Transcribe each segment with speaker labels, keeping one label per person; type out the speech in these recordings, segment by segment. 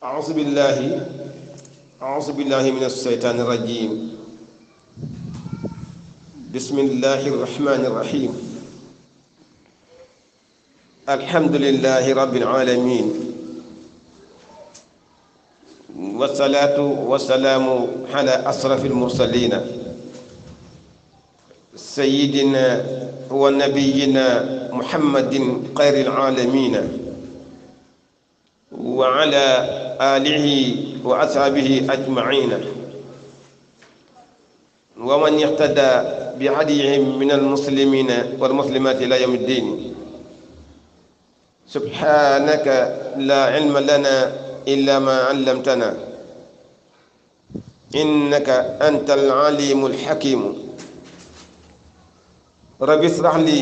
Speaker 1: أعوذ بالله أعوذ بالله من الشيطان الرجيم بسم الله الرحمن الرحيم الحمد لله رب العالمين والصلاة والسلام على أشرف المرسلين سيدنا ونبينا محمد خير العالمين وعلى آله وأصحابه أجمعين ومن يقتدى بهديهم من المسلمين والمسلمات إلى يوم الدين سبحانك لا علم لنا إلا ما علمتنا إنك أنت العليم الحكيم رب اشرح لي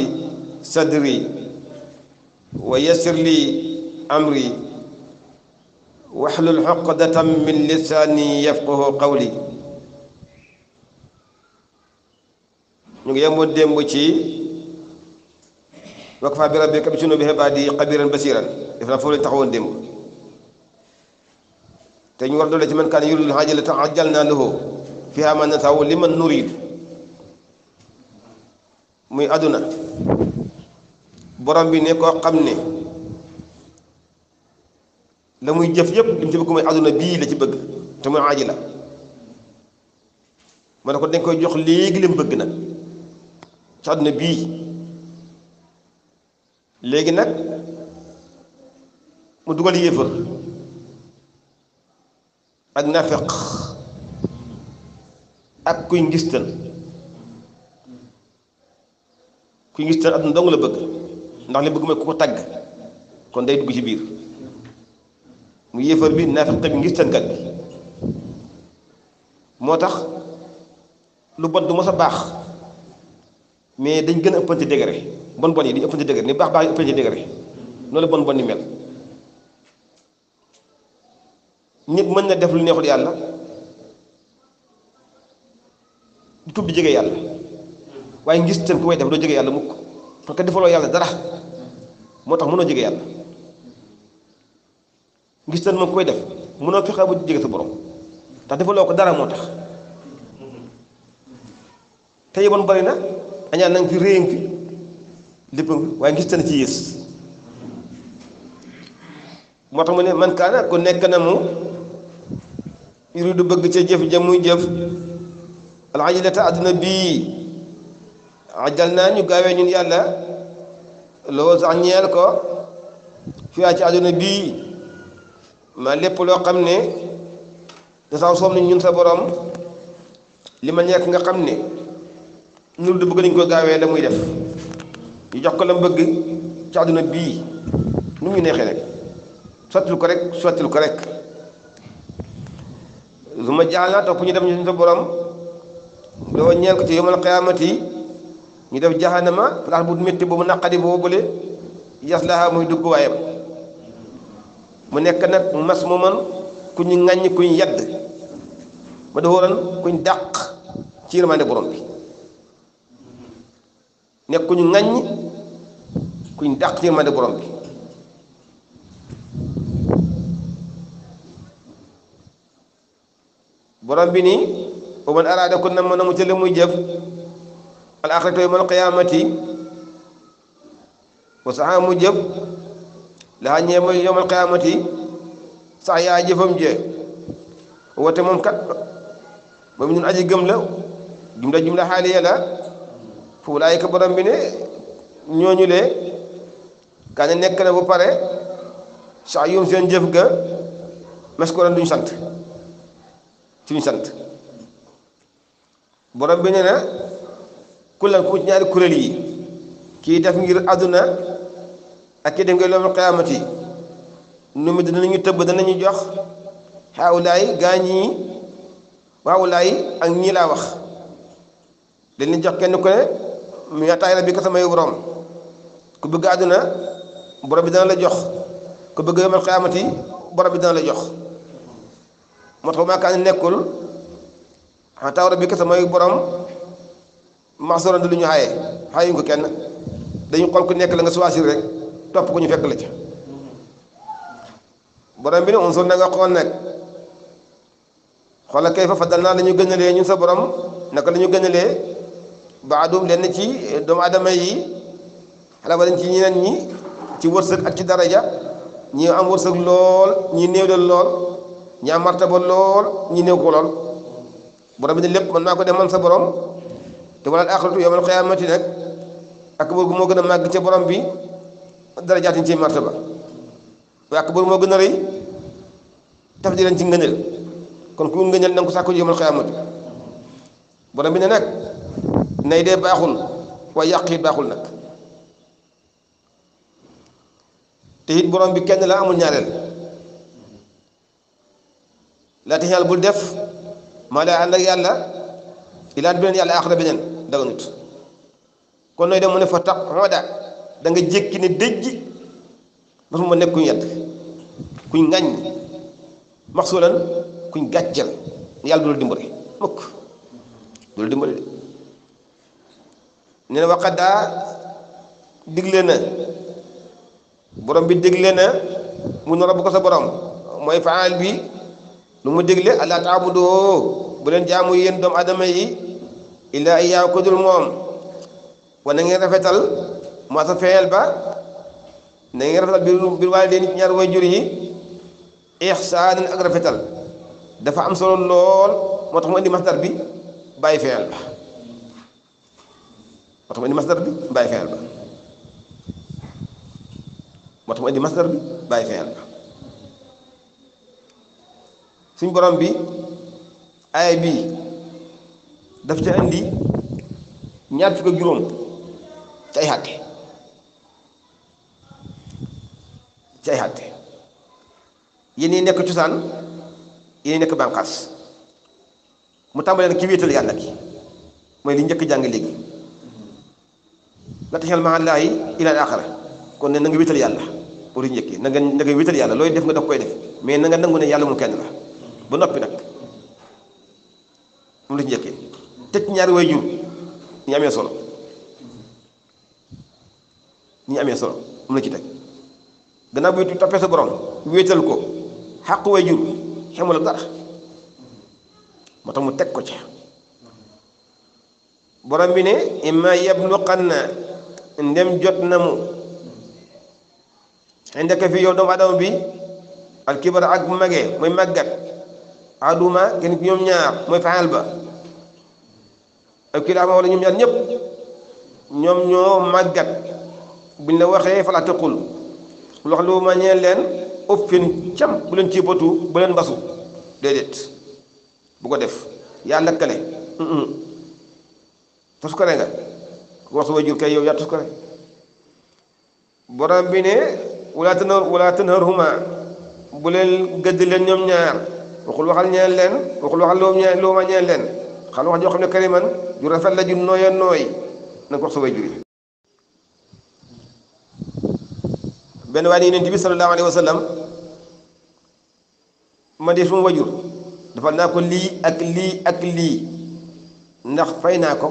Speaker 1: صدري ويسر لي أمري واحلل عقدة من لساني يفقه قولي نيغي يمو ديمبو تي وكفى بربك بجنوب عبادي قبيرا بصيرا افلا فول تخون ديمبو تي وردو لتي من كان يريد الحاجه لتعجلنا له فيها ما نتاو لمن نريد موي ادنا برام بي نيكو لموي جيف ييب لم تي بوك موي ادونا بي لا تي بوك تا موي عاجلا ما نكو دنجكو جوخ ليغ لم بوك نا تادنا بي ليغي نا مو دوغال ييفر اك نافق اك كوي نغيستال كوي نغيستال اد ندونغ لا بوك ndax li bëgg may ko tagg kon day dugg ci biir mu yéefar bi naafiq bi ngi tënkat bi moo tax lu bon du mos a baax mais dañ gën a ëppante degré bon bon yi dañu ëppante degré ni baax baax yi ëppante degré noonu la bon bon ni mel nit mën na def lu neexul yàlla du tubbi jege yàlla waaye ngis tën ku koy def doo jóge yàlla mukk parce que defaloo yàlla dara moo tax mënoo jóge yàlla ngis tan moom koy def mënoo fexe bu jege sa borom ndax defaloo ko dara moo tax te yeboon bari na añaan nanga fi réyëng lépp waaye ngis tan ci yées moo tax mu ne man kaana ku nekk na mu du bëgg ca jëf ja muy jëf alajilata àdduna bii ajal naa ñu gaawee ñun yàlla loo sax ñeel ko fiyaa ci àdduna bii ma lépp loo xam ne dasaw soom nañ ñun sa boroom li ma nekk nga xam ne ñun du bëgg nañ ko gaawee la muy def ñu jox ko la bëgg ci àdduna bii nu muy neexee rek sottil ko rek sottil ko rek su ma jaal naa topp ñu def ñu sa borom doo ñeel ko ci yomal xiyaamati ñu def jahannama ndax bu metti boobu naqadi boobu bële yaslaha mooy dugg waayam mu nekk nag mas mu man ku ñu ŋàññ ku ñu yedd ba dafa waran dàq ci yërmande borom bi nekk ku ñu ŋàññ ku ñu dàq ci yërmande borom bi borom bi nii wa man araada ko na mën a mu cële muy jëf al axirata yawmal qiyaamati wa saxaa mu jëf laxa ñee mooy yowmal qiyaamati sax yaa jëfam je woote moom kat moom ñun aji gëm la jumla jumla xaaliya la fu wulaayika borom bi ne ñooñu lee kaa ne nekk na bu pare sax yum seen jëf ga mas ko duñ sant suñ sant borom bi ne na ku lan ku ñaari kuréel yi kii def ngir àdduna ak ki dem ngay loolu qiyaamati yi nu mu dinañu tëbb danañu jox xaawulaay gaa ñi waawulaay ak ñii laa wax dañ leen jox kenn ku ne mu yataay bi ko samay borom ku bëgg àdduna borom bi dana jox ku bëgg yawmal qiyaamati borom bi dana la jox moo tax maa kaan nekkul xa ah, tawra bi ko samay boroom maxsoron di lu ñu xaye xayuñ ko kenn dañu xool ku nekk la nga choisir rek topp ko ñu fekk la ca borom bi ne unzur na nga xool nag xoolal kayfa faddalnaa la ñu gënalee ñun sa borom naka lañu ñu gënalee baadum lenn ci doomu aadama yi xalaat wala ci ñeneen ñi ci wërsëg ak ci daraja ñi am wërsëg lool ñi néew lool ñi am martaba lool ñi néew ko lool borom bi ne lépp mën naa ko dem man sa borom te wala aaxiratu yawmal qiyaamati nag ak boobu moo gën a màgg ca borom bi. darajaatin ci martaba wa akbar moo gën a rëy tafdilan ci ngëneel kon ku ngëneel na nga ko sàkku yomal xiyaamati borom bi ne nag nay dee baaxul waaye yàq yi baaxul nag te it borom bi kenn la amul ñaareel laa tax bul def maa lay ànd ak yàlla ilaat beneen yàlla aaxira beneen daganut kon nooy dem mu ne fa tax xoo da danga nga jékki ne déjji dafa ma nekk kuñ yedd kuñ ŋàññ maxsulan kuñ gàcceel yàlla du la dimbale mukk du dimbale de nee na waxa digle na borom bi digle na mu na rabu ko sa borom mooy faal bi lu mu digle allah taabudu bu leen jaamu yéen doomu adama yi illaa iyyaahu ku dul moom wana ngeen rafetal maasa ba na ngeen rafetal ñaar way jur yi ixsaanan dafa am solo lool moo tax mu indi masdar bi bàyyi feyel ba moo tax mu indi masdar bi bàyyi feyel ba moo tax mu indi masdar bi bàyyi feyel ba suñ borom bi aaya bi daf ca indi ñaar fukk juróom ci ay xàtte ci ay àtte yéen ñi nekk cosaan yéen ñi nekk bànqaas mu tàmbalee nag ki wéetal yàlla ki mooy li njëkk jàng léegi la taxel mahallaahi ilal kon ne na nga wéetal yàlla pour yu njëkk na nga na nga wéetal yàlla looy def nga daf koy def mais na nga nangu ne yàlla moom kenn la ba noppi nag moom la ci njëkkee tëj ñaari way jur ñu amee solo ñu amee solo moom la ci teg gëna bu toppee sa borom wétal ko haq way xamul dara motam mu tek ko ci borom bi ne imma yabluqanna ndem jot na mu indaka fi yow do adam bi al kibar ak magge mooy magat aduma gën ko ñom ñaar mooy faal ba ak kii daama wala ñom ñaar ñep ñom ñoo magat bin la waxe fala taqul wax lu ma ñeen leen ëffin cam bu leen ci bëtu bu leen basu déedéet bu ko def yaa lëkkale tos ko re nga ku wax sa wajur kay yow yaa tos ko borom bi ne wala tënar wala tënarhuma bu leen gëdd leen ñoom ñaar waxul waxal ñeen leen waxul waxal loo ñeen ñeen leen xam wax joo xam ne kariman ju rafet la ju nooya nooy na wax sa wajur yi benn waaye ne yonent bi sallallahu alayhi wa sallam de suma wajur dafa naa ko lii ak lii ak lii ndax fay naa ko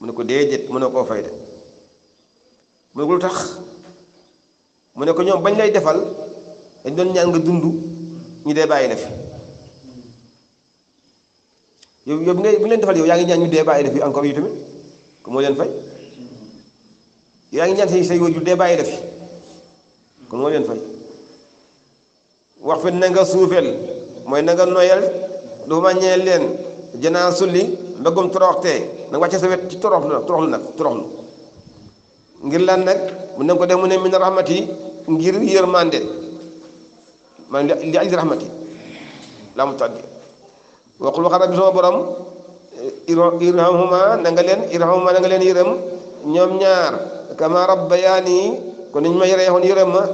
Speaker 1: mu ne ko déedéet mu ne koo fay de mu ne ko lu tax mu ne ko ñoom bañ lay defal dañ doon ñaan nga dund ñu dee bàyyi la fi yow yow bi ngay bi ñu leen defal yow yaa ngi ñaan ñu dee bàyyi la fi encore yu tamit ko moo leen yaa ngi ñaan say say wajur dee bàyyi la fi kon moo leen fay wax fit na suufeel mooy na nga noyal du màññee leen janaa sulli mbëggum toroxtee nag wàcce sa wet ci toroxlu nag toroxlu nag ngir lan nag mu ne ko def mu ne min rahmat yi ngir yërmande maanaam li ajli rahmat yi laa mu tàddi waxul waxa rabbi sama borom irhamhuma na nga leen irhamhuma na nga leen yërëm ñoom ñaar kama rabbayaani kon niñ ma yore woon yore ma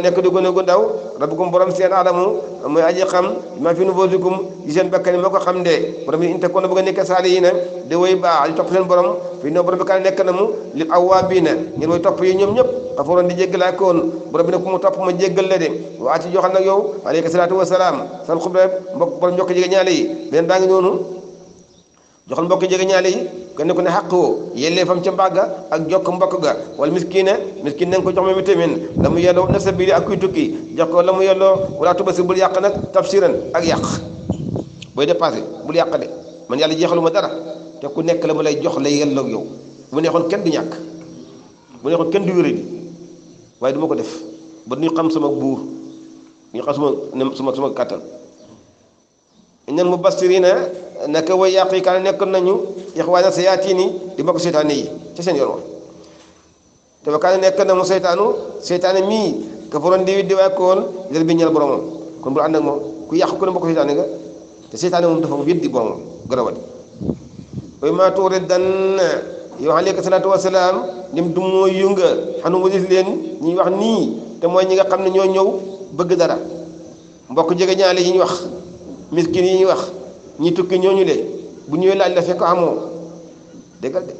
Speaker 1: nekk di gone gu ndaw rabbukum borom seen aadamu mooy aji xam ma fi nufusikum yi seen bakkan yi moo ko xam de borom yi inte kon a nekk saali yi na de way baax di topp seen borom fii noo borom bi na mu li topp yi ñoom ñëpp xafaroon di jéggalaa koon borom bi ne ku topp ma jéggal la de waa ci joxal nag yow aleyka salaatu wasalaam sal xubra mbokk borom jege ñaale yi beneen baa ngi joxal mbokk jege ñaale yi kenn ku ne xàq woo fam ci mbaga ak jokk mbokk ga wal miskina miskin na ko jox moom itamit lamu mu yelloo nag ak kuy tukki jox ko lamu mu wala tubasi bul yaq nak tafsiran ak yaq boy dépassé bul yaq de man yalla jexaluma dara te ku nek la mu lay jox lay yelloog yow bu neexoon kenn du ñak bu neexoon kenn du wéradi di way duma ko def ba ñu xam sama bur ñu xam sama sama sama katal ñan mu naka way yaqi kan nek nañu ikhwana sayatini di mbokk setané yi ci seen yoro te ba kan nek na mo setanu setané mi ka faroon di di waay ko woon leer bi ñeel boromam kon bu and ak moom ku yaq ko ne mbokk nga te setané mo dafa weddi boromam gën a way ma tuuri dan yow aleyka salaatu wasalaam lim du mo yunga xanu walis len ñi wax ni te moy ñi nga xamne ño ñew bëgg dara mbokk jëgë ñaali ñi wax miskini ñi wax ñi tukki ñooñu de bu ñëwee laaj la fekk amoo déggal de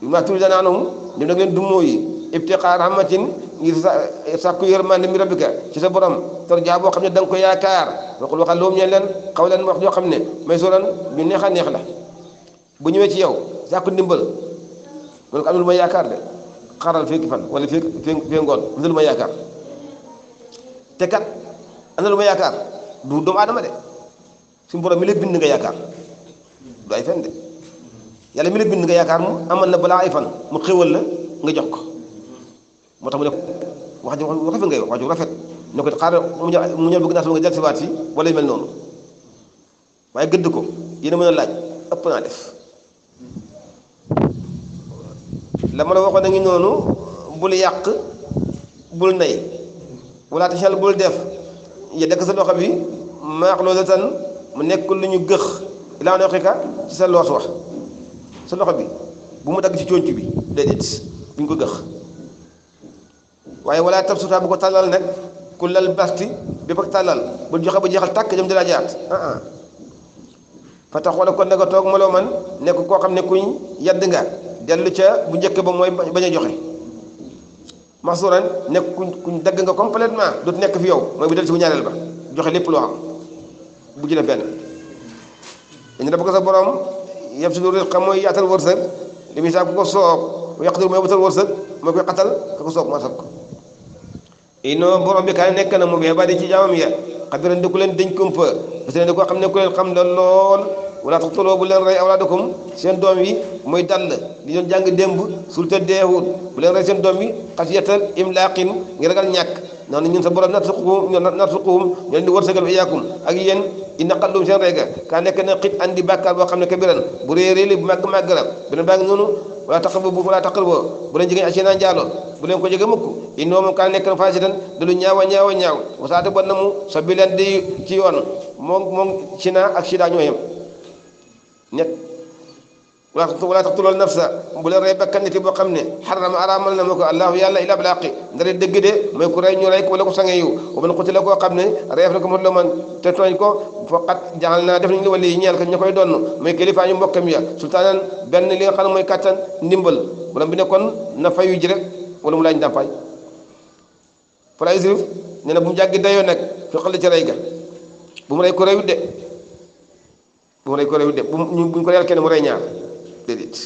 Speaker 1: bi ma tudd danaa noonu ñu nag leen dummoo yi ibtiqaa rahmatin ngir sa eh, sàkku yërmande mi rabbika ci sa borom boo xam ne danga nga ko yaakaar waxul waxal loom leen xaw leen wax joo xam ne may soran ñu neex a neex la bu ñëwee ci yow sàkku ndimbal loolu ko am lu ma yaakaar de xaaral fekki fan wala fekk fee ngoon am na lu ma yaakaar te kat am na lu ma yaakaar du doomu aadama de suñu borom mi la bind nga yaakaar du ay fen de yàlla mi bind nga yaakaar moom amal na balaa ay fan mu xéwal la nga jox ko moo tax mu ne wax ju rafet ngay wax ju rafet ne ko xaaral mu ñor mu ñor bëgg naa sama nga si waat si wala yu mel noonu waaye gëdd ko yéen mën a laaj ëpp naa def la ma la waxoon ngi noonu bul yàq bul nay walaata xel bul def ya dekk sa loxo bi maax loolu tan mu nekk lu ñu gëx ila no xika ci sa loox wax sa loox bi bu mu dag ci conc bi dedet duñ ko gëx waye wala tabsuta bu ko talal nag kulal basti bi ak talal bu joxe bu jexal tak jëm dila jaat ah ah fa tax wala kon ne ko man nek ko xamne kuñ yadd nga delu ca bu njëkk ba moy baña joxe masuran nek kuñ dag nga complètement dut nek fi yow moy bu del si bu ba joxe lepp lo xam bu jëlee benn dañu la bëgg sa borom yabsutu rizqa mooy yaatal wërsëg li muy saa ko soob wa yaqdir mooy wutal wërsëg moo koy xatal ko soob ma sab ko ino borom bi ka nekk na mu ba di ci jamam ya xabiran ndiku len deñ ko kumpa parce sene ko xamne ko len xam la lol wala taqtuloo bu leen rey awlaadakum seen doom yi mooy dall di doon jàng démb surta deewul bu len ray sen dom wi qasiyatan imlaqin ngi ragal ñak naan ñun sa borom narsuquhum narsuquhum ñoo leen di wërsëgal wa iyaakum ak yéen inna xallum seen reyga kaa nekk na xit andi bàkkaar boo xam ne kabiran bu réy réy li bu màgg la beneen baa ngi noonu wala taqrabu wala taqrabu bu leen jege asinaa njaalo bu leen ko jege mukk innoo moom kaa nekk na fasidan da lu ñaaw a ñaaw a ñaaw wasaate bon na mu so bi leen di ci yoon moom moom sinaa ak sida ñoo yem wala taqtulul nafsa bu leen rey bakkan nit yi boo xam ne xarama araamal na ma ko allahu yàlla ila bilaqi ndare dëgg de mooy ku rey ñu rey ko wala ku sange yiw wa man qutila koo xam ne reef ko mot la man te tooñ ko faqat jaxal naa def nañu wala yi ñeel ko ña koy donn mooy kilifa ñu mbokkam ya sultaanan benn li nga xam ne mooy kàttan ndimbal borom bi ne na fayu ji rek wala mu laaj ndàmpaay fala isrif nee bu mu jàggi dayoo nag fi xel ci rey ga bu mu rey ko reyut de rey ko reyut de bu ñu ko reyal kenn mu rey ñaar déedéet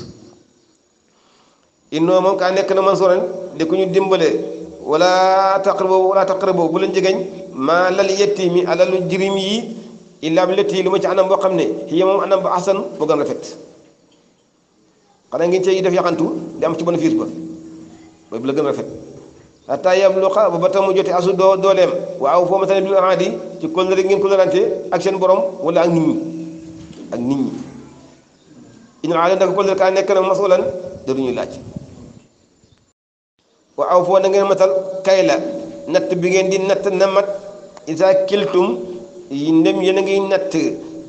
Speaker 1: innoo moom kaa nekk na mansuran di ku ñu dimbale wala taqrabu wala taqrabu bu leen jegeñ maa lal yatiimi alalu jirim yi illaa bi lati lu ma ci anam boo xam ne hiya moom anam ba ahsan boo gën rafet xanaa ngeen cee def yaxantu di am ci bénéfice ba mooy bu la gën rafet hatta yabluqa ba ba tamu jote asu doo dooleem waaw foo ma tane bil aadi ci kóllëre ngeen kóllërante ak seen borom wala ak nit ak nit ina ala daga pol ka nekk na masulan da duñu laaj wa aw foo na ngeen matal kay la natt bi ngeen di natt na mat isa kiltum yi ndem yéen a ngi natt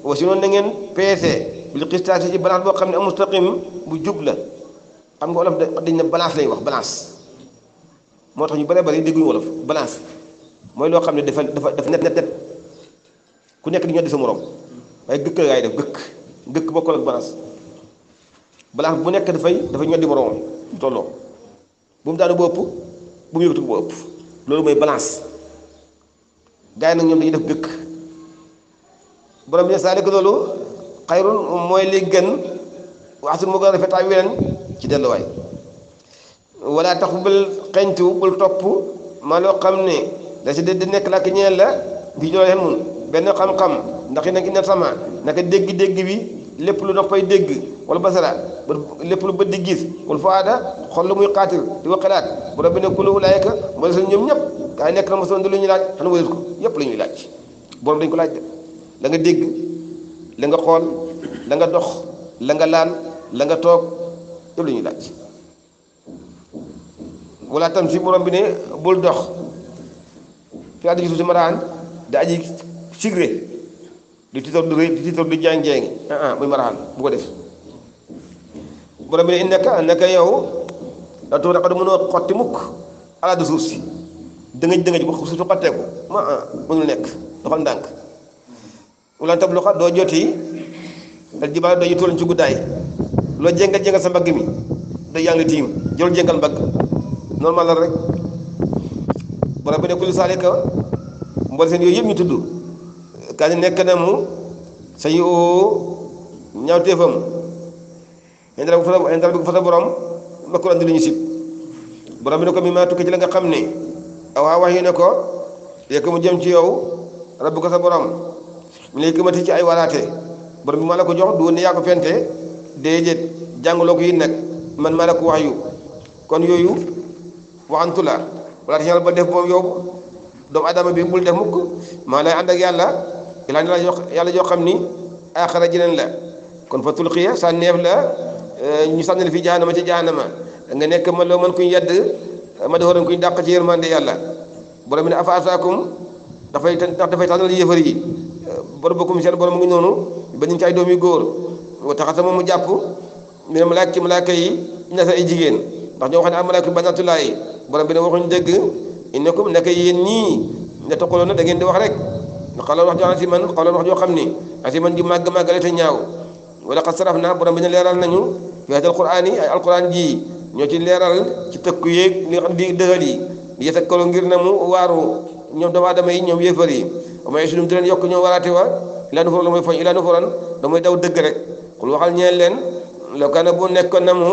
Speaker 1: wa si noonu na ngeen peese bil qistaasi ci balance boo xam ne mustaqim bu jub la xam nga wolof dañ ne balance lay wax balance moo tax ñu bare bari dégguñu wolof balance mooy loo xam ne dafa dafa dafa net net net ku nekk di ñoo di sa morom waaye gëkk la ngay def gëkk gëkk bokkul ak balance balaax bu nekk dafay dafay ñoddi moroomam bu tolloo bu mu daanu bu ëpp bu mu yëgatu bu ëpp loolu mooy balance gars yi nag ñoom dañuy def bëkk borom bi ne saalik loolu xayrun mooy li gën waxtu mu gën a rafetaay weneen ci delluwaay wala tax bul xeñtu bul topp maa loo xam ne da si di nekk làkk ñeel la bi ñoo xemul benn xam-xam ndax nag ina sama naka dégg-dégg bi lepp lu noppay deg wala basara lepp lu bët gis kul faada xol lu muy qatil di waxalat bu rabbi ne kulu laika mo seen ñom ñep ka nek na mo di lu ñu laaj xana wëyul ko yep lu ñu laaj borom dañ ko laaj de la nga deg la nga xol la nga dox la nga laan la nga tok yëpp lu ñu laaj wala tam ci borom bi ne bul dox fi adu ci maran da aji sigre di tiital di rëy di tiital di jang jang ah ah muy maraxal bu ko def borom bi ne innaka naka yow la tuur raqadu mënoo xotti mukk ala du suuf si dëngëj dëngëj bu suuf si xotteeku ma ah mënul nekk doxal dank wala tab loxa doo joti al jibaal doo ñu tool ci guddaay loo jéngal jéngal sa mbagg mi da yaa tim tiim jël jéngal mbagg normal la rek borom bi ne kulli saalika mbool seen yooyu yëpp ñu tudd kaani nekk na mu sa yu ñaawteefam indal bu indal fa sa borom makkur andi lu ñu sib borom bi ne ko mi maa tukki ci la nga xam ni awaa wax yi ne ko yekk mu jëm ci yow rabbu ko sa borom mu ne yëkkati ci ay waraate borom bi maa la ko jox du ne yaa fente déedéet jàngaloo ko yi nag man maa la ko wax yu kon yooyu waxantu la walaata yàlla ba def moom yow doomu adama bi bul def mukk maa lay ànd ak yàlla yàlla la yàlla joo xam ni aaxara jineen la kon fa tulqiya sànneef la eh, ñu sànni la fi jahannama ci jahannama nga nekk ma loo mën kuñ yedd ma doxoran kuñ dàq ci yërmande yàlla borom bi ne afa asaakum dafay ndax dafay tànnal yëfar yi borom bokkum seen borom mu ngi noonu ba ñu ci ay doom yu góor wa taxasa moom mu jàpp mi ne malaak ma malaaka yi ñasa ay jigéen ndax ñoo xam ne am malaaka banatulaayi borom bi ne waxuñ dëgg innakum nekk yéen ñii ne toqaloon na da ngeen di wax rek xaloon wax joo asiman xaloon wax joo xam ni asiman ju màgg màggale te ñaaw wala xad saraf naa borom bi ne leeral nañu fi hadal quraan yi ay alquran ji ñoo ci leeral ci tëkku yéeg li di dëgal yi di yettakkaloo ngir na mu waaru ñoom doomu aadama yi ñoom yéefar yi amay sunum di leen yokk ñoo waraate wa ilaa nufuran la mooy fañ ilaa daw dëgg rek xul waxal ñeen leen lokana bu nekkoon na mu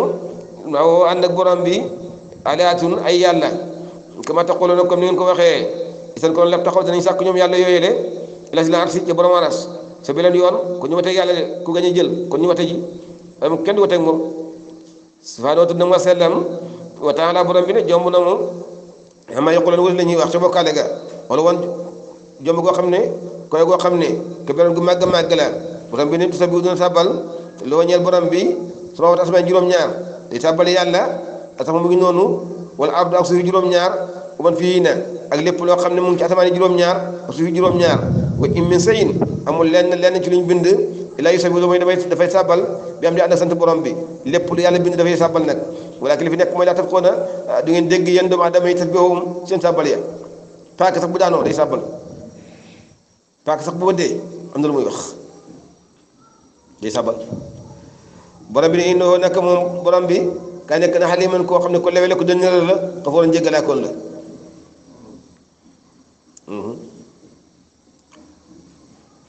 Speaker 1: waaw ànd ak borom bi alaatun ay yàlla kama taquluna comme ni ngeen ko waxee seen ko leb taxaw dinañ sàkk ñom yalla yoyé dé ila ila arsi ci borom aras sa beneen yoon ko ñu watee yalla de ku gañe jël kon ñu wate ji am kenn du wateeg moom subhanahu wa taala wa sallam wa taala borom bi ne jom na moom xama yoquloon wala la ñuy wax ci bokale ga wala won jom go xam koy go xam ke beneen gu mag mag la borom bi ne tu sabu dun sabal lo lu borom bi sama wat asmaan ñaar di sabal yalla atax mu ngi nonu wal abdu ak suuf ñaar man fii na ak lépp loo xam ne mu ngi ci asamaan yi juróom-ñaar suufi juróom-ñaar wa in sayin amul lenn lenn ci luñ bind illaa yusabbihu mooy dafay dafay sàbbal am di ànd ak sant borom bi lépp lu yàlla bind dafay sàbbal nag walakin li fi nekk mooy laa tafqahuuna ah, du ngeen dégg yéen doomu aadama yi tasbihahum seen ya paaka sax bu daanoo day sàbbal paaka sax bu wëddee am na lu muy wax day sàbbal borom bi ne innahu nekk moom borom bi kaa nekk na xaliman koo xam ne ko lewele ko dënnëral la xafoor njëggalaakoon la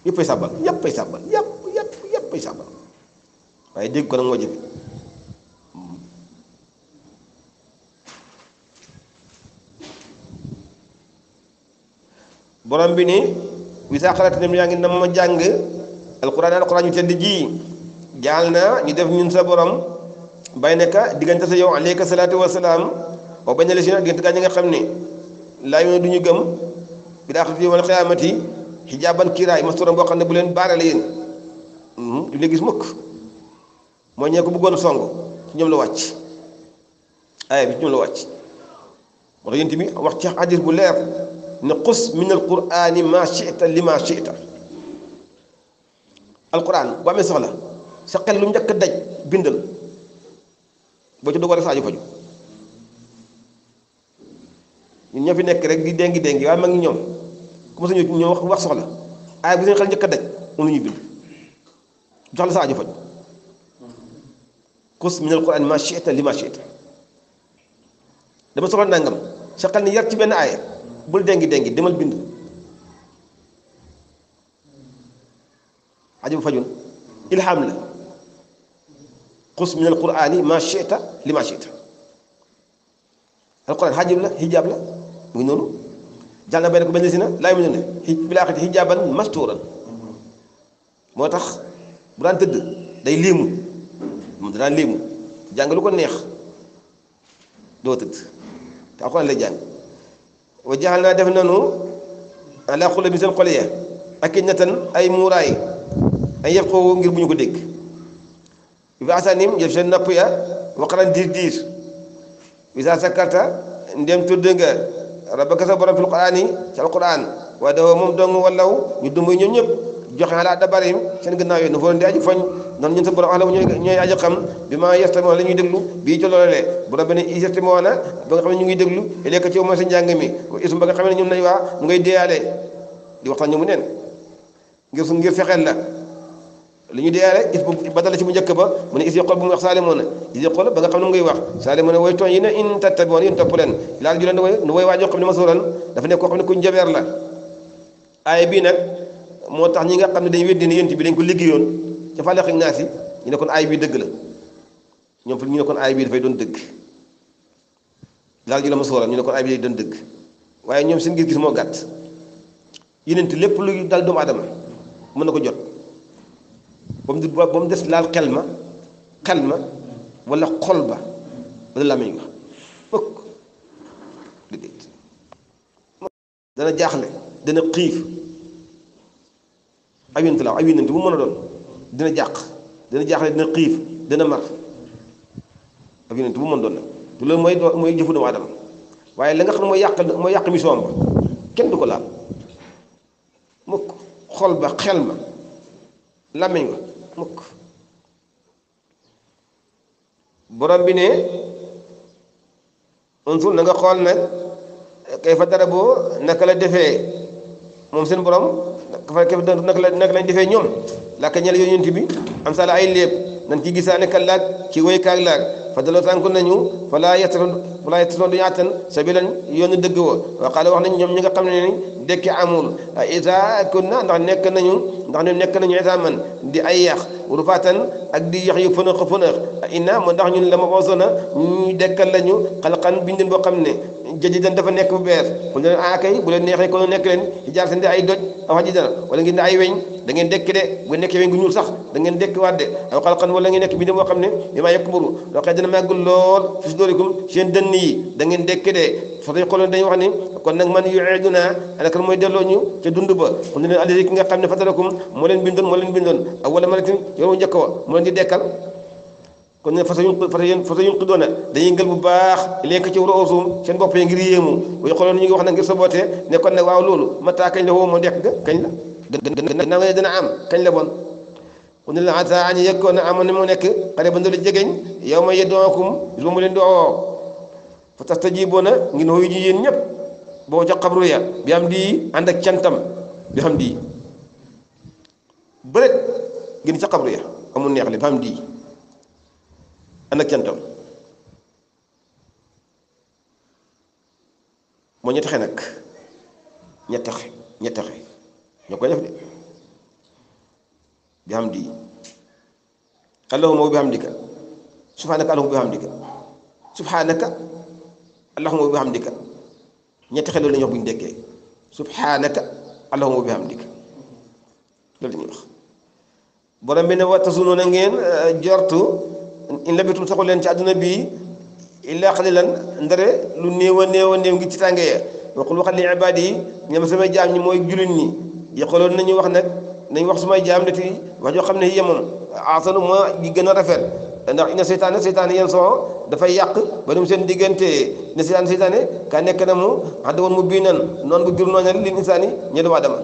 Speaker 1: yëppay ya, sàbbal yëppay ya, sàbbal yëpp ya, yëpp yëppay sàbbal waaye dégg ko nag moo hmm. borom bi ni wisaa xalaat dem yaa ngi na ma jang alquran alquran yu tedd ji jalna ñu def ñun sa borom bayne ka digante sa yow aleyka salaatu wasalaam o bañ a la si diggante gaa ñi nga xam la yu duñu du gëm bi da xati wal qiyamati Hijaban kira, mastuuram suram bo xamne bu len baare yeen hmm du leen gis mukk mo ñe ko bëggoon song ci ñom la wacc ay bi ñu la wacc mo tax yént wax ci bu leer ni qus min alqurani ma shi'ta li ma alquran bu amé soxla sa xel lu ñëk daj bindal bo ci dogo rek faju ñun ñafi nek rek di dengi dengi, wa ma ngi ñom ku mësa ñëw wax wax soxla aay bu seen xel njëkk a daj moom la ñuy bind du tax la sa aajo faj kus min alquran ma shi'ta li ma shi'ta dama soxla nangam sa xel ni yar ci benn aaya bul dengi dengi demal bind aajo bu fajul ilham la kus min alqurani ma shi'ta li ma shi'ta alquran hajib la hijab la mu ngi noonu jàll bay na ko benn si na laay mu ne bilaa xati xijaaban mastuuran moo tax bu daan tëdd day liimu moom da jàng lu ko neex doo tëdd te alxuraan lay jàng wa jaxal naa def nanu ala xula bi seen xol ya ak na tan ay muuraay ay yëf ko ngir bu ñu ko dégg bi asaanim yëf seen napp ya waqaran diir diir bi saa sa karta ndem tudd nga rabbaka sa borom fil qur'aani ci alquran waaye dafa moom dong wallaw ñu dumbuy ñoom ñëpp joxe ala dabarihim seen gannaaw yooyu nu fo leen di aji fañ noonu ñun sa borom alamu ñooy aji xam bi ma yestamiwoon la ñuy déglu bii ci loolee bu rabbi ne yestamiwoon ba nga xam ne ñu ngi déglu ilayka ci mooy sa njàng mi isum ba xam ne ñun nañ waa mu ngay déyaale di waxtaan ñu mu neen ngir su ngir fexeel la li ñu dee rek is ba ci mu njëkk ba mu ne is yoqol bu wax saalimoo na is yoqol ba nga xam lu ngay wax saalimoo way toñ ina in tattabiuuna in topp la laal ju leen way nu way wajjo xam ne masuuran dafa nek ko xam ni ku jabeer la ay bi nak moo tax ñi nga xam ni dañ weddi ni yént bi dañ ko liggéeyoon ci fa xig naa ñu ne kon ay bi dëgg la ñom fi ñu ne kon bi da fay doon dëgg laal ju la masuuran ñu ne kon ay bi da doon dëgg waye ñom seen gis-gis mo gatt yénent lepp lu dal doom aadama mën ko jott ba mu des laal xel ma xel ma wala xol ba wala làmmiñ ba fëkk déedéet dana jaaxle dana xiif ay yonent laa ay yonent bu mën a doon dina jàq dina jaaxle dina xiif dana mar ab yonent bu mën doon nag du loolu mooy mooy jëfu doomu aadama waaye la nga xam ne mooy yàq mooy yàq mission ba kenn du ko laal mukk xol ba xel ma làmmiñ ba mukk borom bi ne unsul na nga xool nag kay fa dara boo naka la defee moom seen borom naka la naka lañ defee ñoom làkk ñel yonent bi am sala ay léeb nan ki gisaane kallaag ki woy kaag laag fa daloo tànku nañu falaa yatatoon falaa yatatoon duñu àttan sabilan yoonu dëgg wa wa qaala wax nañ ñoom ñi nga xam ne ni dekki amul isa kunna ndax nekk nañu ndax ñun nekk nañu isa man di ay yàq urufatan ak di yax yu fënëx fënëx inna mo ndax ñun la ma boosona ñu dekkal lañu xalqan bindin boo xam ne jaji dan dafa nekk bu bees bu ne ah kay bu leen neexee kono nekk leen ci jaar di ay doj wax ji dana wala ngeen di ay weñ da ngeen dekk de bu nekk weñ gu ñuul sax da ngeen dekk waat de aw xalqan wala ngeen nekk bindin boo xam ne bi maa yekk mburu loo xëy dana màggul lool fi doorikum seen dënn yi da ngeen dekk de فريقون دا يغني كون نك من يعيدنا انا كان موي ديلو نيو تي دوند با كون من ادي كيغا خامني فاتلكم مولين بيندون مولين بيندون اولا ملك يوم نجاكو مولين دي ديكال كون نين فاتيون فاتيون فاتيون قدونا دا ينغل بو باخ ليك تي روسوم سين بوبي غير ييمو وي خولون نيغي واخنا غير سبوتي نيكون نك واو لولو متا كاني لو مو ديك كاني لا غن غن دنا ام بون ونا عتا ان يكون امن مو نيك قريب ندول يوم يدوكم زوم لين دوو fa tax tajiboona ngeen wooyu ji yéen ñëpp boo ca xabru ya bi am di ànd cantam bi xam di bëret gën ca xabru ya amul neex bi xam di ànd ak moo ñettaxe nag ñettaxe ñoo koy def bi xam di allahumma bi xam bi xam di subhanaka اللهم بحمدك نتخلو لنا بن دكي سبحانك اللهم بحمدك لذي نخ بلن بنا واتزونو نغين جرتو ان لبتم سقو لنا جادنا بي إلا قليلا ندري لو نيو نيو نيو نيو تانغي وقل وقل لعبادي نيو نعم سمي جام ني موي جولين ني يقولون نيو وخ نك نيو وخ سمي جام نتي وجو خمنا هي موم اعطنو ما بي رفل ndax ina seytaane seytaane yan soo dafay yàq ba dem seen diggante ina seytaane seytaane kaa nekk na mu xadda woon mu biinan noonu bu jur nooñal li insaani ñe doomu dama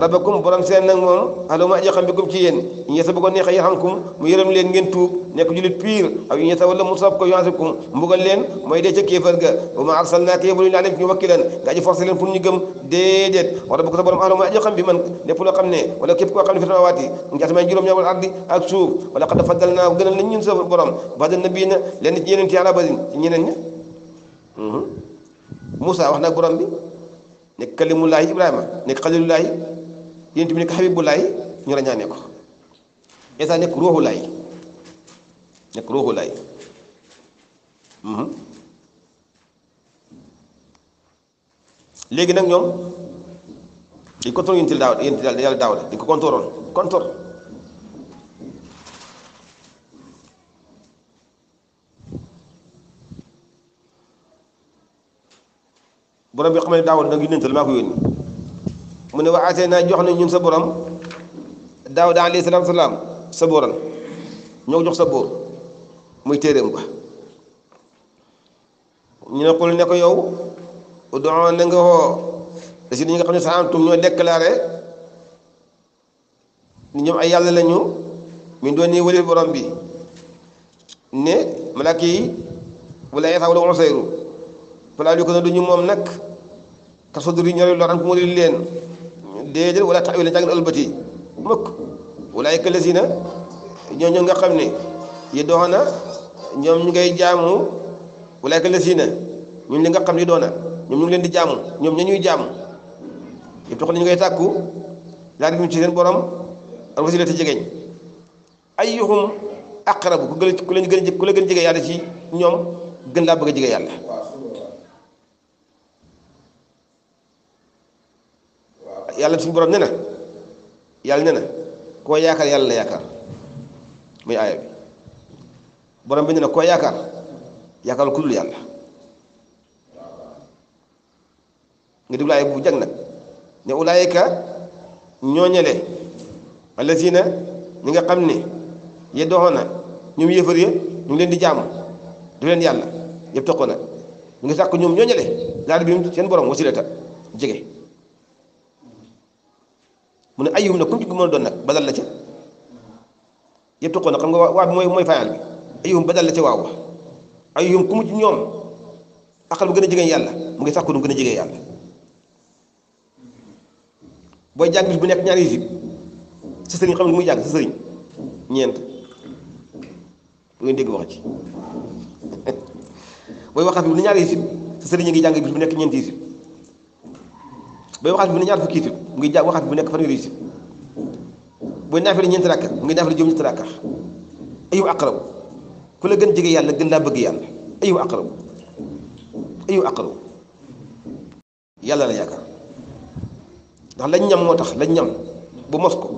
Speaker 1: rabbakum borom seen nag moom alama ajo xam bikum ci yéen ñu ñesa bu ko neexee yarhamkum mu yërëm leen ngeen tuub nekk julit pire aw ñu ñesa wala mu sab ko yuasikum mbugal leen mooy dee ca kéefar ga wa ma arsalnaaka yebulu ñu alaykum wakkilan nga forcé leen pour ñu gëm déedéet wa rabbakum sa borom alama ajo bi man lépp loo xam wala képp koo xam ne fi ngi asamaan juróom ñaar ardi ak suuf wala qad faddalnaa gënal nañ ñun sa borom badal nabi leen ci yeneen ci badin ci ñeneen ña Moussa wax na borom bi nekk kalimullaahi Ibrahima nekk xalilullaahi yonent bi nekk xabibu laay ñu rañaane ko Isa nekk ruuxu laay mhm. léegi nag ñoom dañ ko contrôle yonent daaw yonent yàlla daaw la dañ ko borom bi xam ne daaw nag yonent la maa ko yónni mu ne wa atee naa jox nañ ñun sa borom daaw alayhi salaatu salaam sa booran ñoo jox sa boor muy téeréem ba ñu ne xul ko yow doon na nga woo si ñi nga xam ne sa antum ñoo déclaré ni ñoom ay yàlla lañu min doon ni wëlil borom bi ne malaaka yi wala Iisaa wala Useyru duñu moom nag ka sodri ñori loran ku mu leen déedéet wala taawil jàng na ëlbati mukk walaayka lazina ñooñu nga xam ne yi doona ñoom ñu ngay jaamu walaayka lazina ñoom li nga xam ni yi doona ñoom ñu ngi leen di jaamu ñoom ña ñuy jaamu yëpp tax na ñu ngay tàkku laaj bi ci seen borom al wasilati jegeñ ayyuhum aqrabu ku gën ku leen ku la jege yàlla ci ñoom gën laa bëgg a jege yàlla. yàlla suñ borom ne na yàlla ne na koo yaakaar yàlla la yaakaar muy aaya bi borom bi ne na koo yaakaar yaakaarul ku dul yàlla nga déglu aaya bu jag nag ne ulaayika ñooñale allasina ñi nga xam ne ye doxoona ñoom yéefar ya ñu ngi leen di jaamu du leen yàlla yëpp toqoo na ñu ngi sàkk ñoom ñooñale bi seen borom wasilata jege mu ne ayub nag comme ci mën a doon nag badal la ca yëpp toqoon na xam nga waa bi mooy mooy fayal bi ayub badal la ca waaw ayub ku mu ci ñoom akal bu gën a jege yàlla mu ngi sàkku du gën a booy jàng bu nekk ñaari isib sa sëriñ xam ne muy jàng sa sëriñ ñeent bu ngeen dégg wax ci booy waxaat bi lu ñaari isib sa sëriñ ngi jàng bis bu nekk ñeenti isib bay waxaat bi ne ñaar fukki itam mu ngi jàng waxaat bu nekk fanweeri itam booy naafila ñeenti rakka mu ngi naafila juróom ñeenti rakka ayu aqrab ku la gën jege yàlla gën laa bëgg yàlla ayu aqrab ayu aqrab yàlla la yaakaar ndax lañ ñam moo tax lañ ñam bu mos ko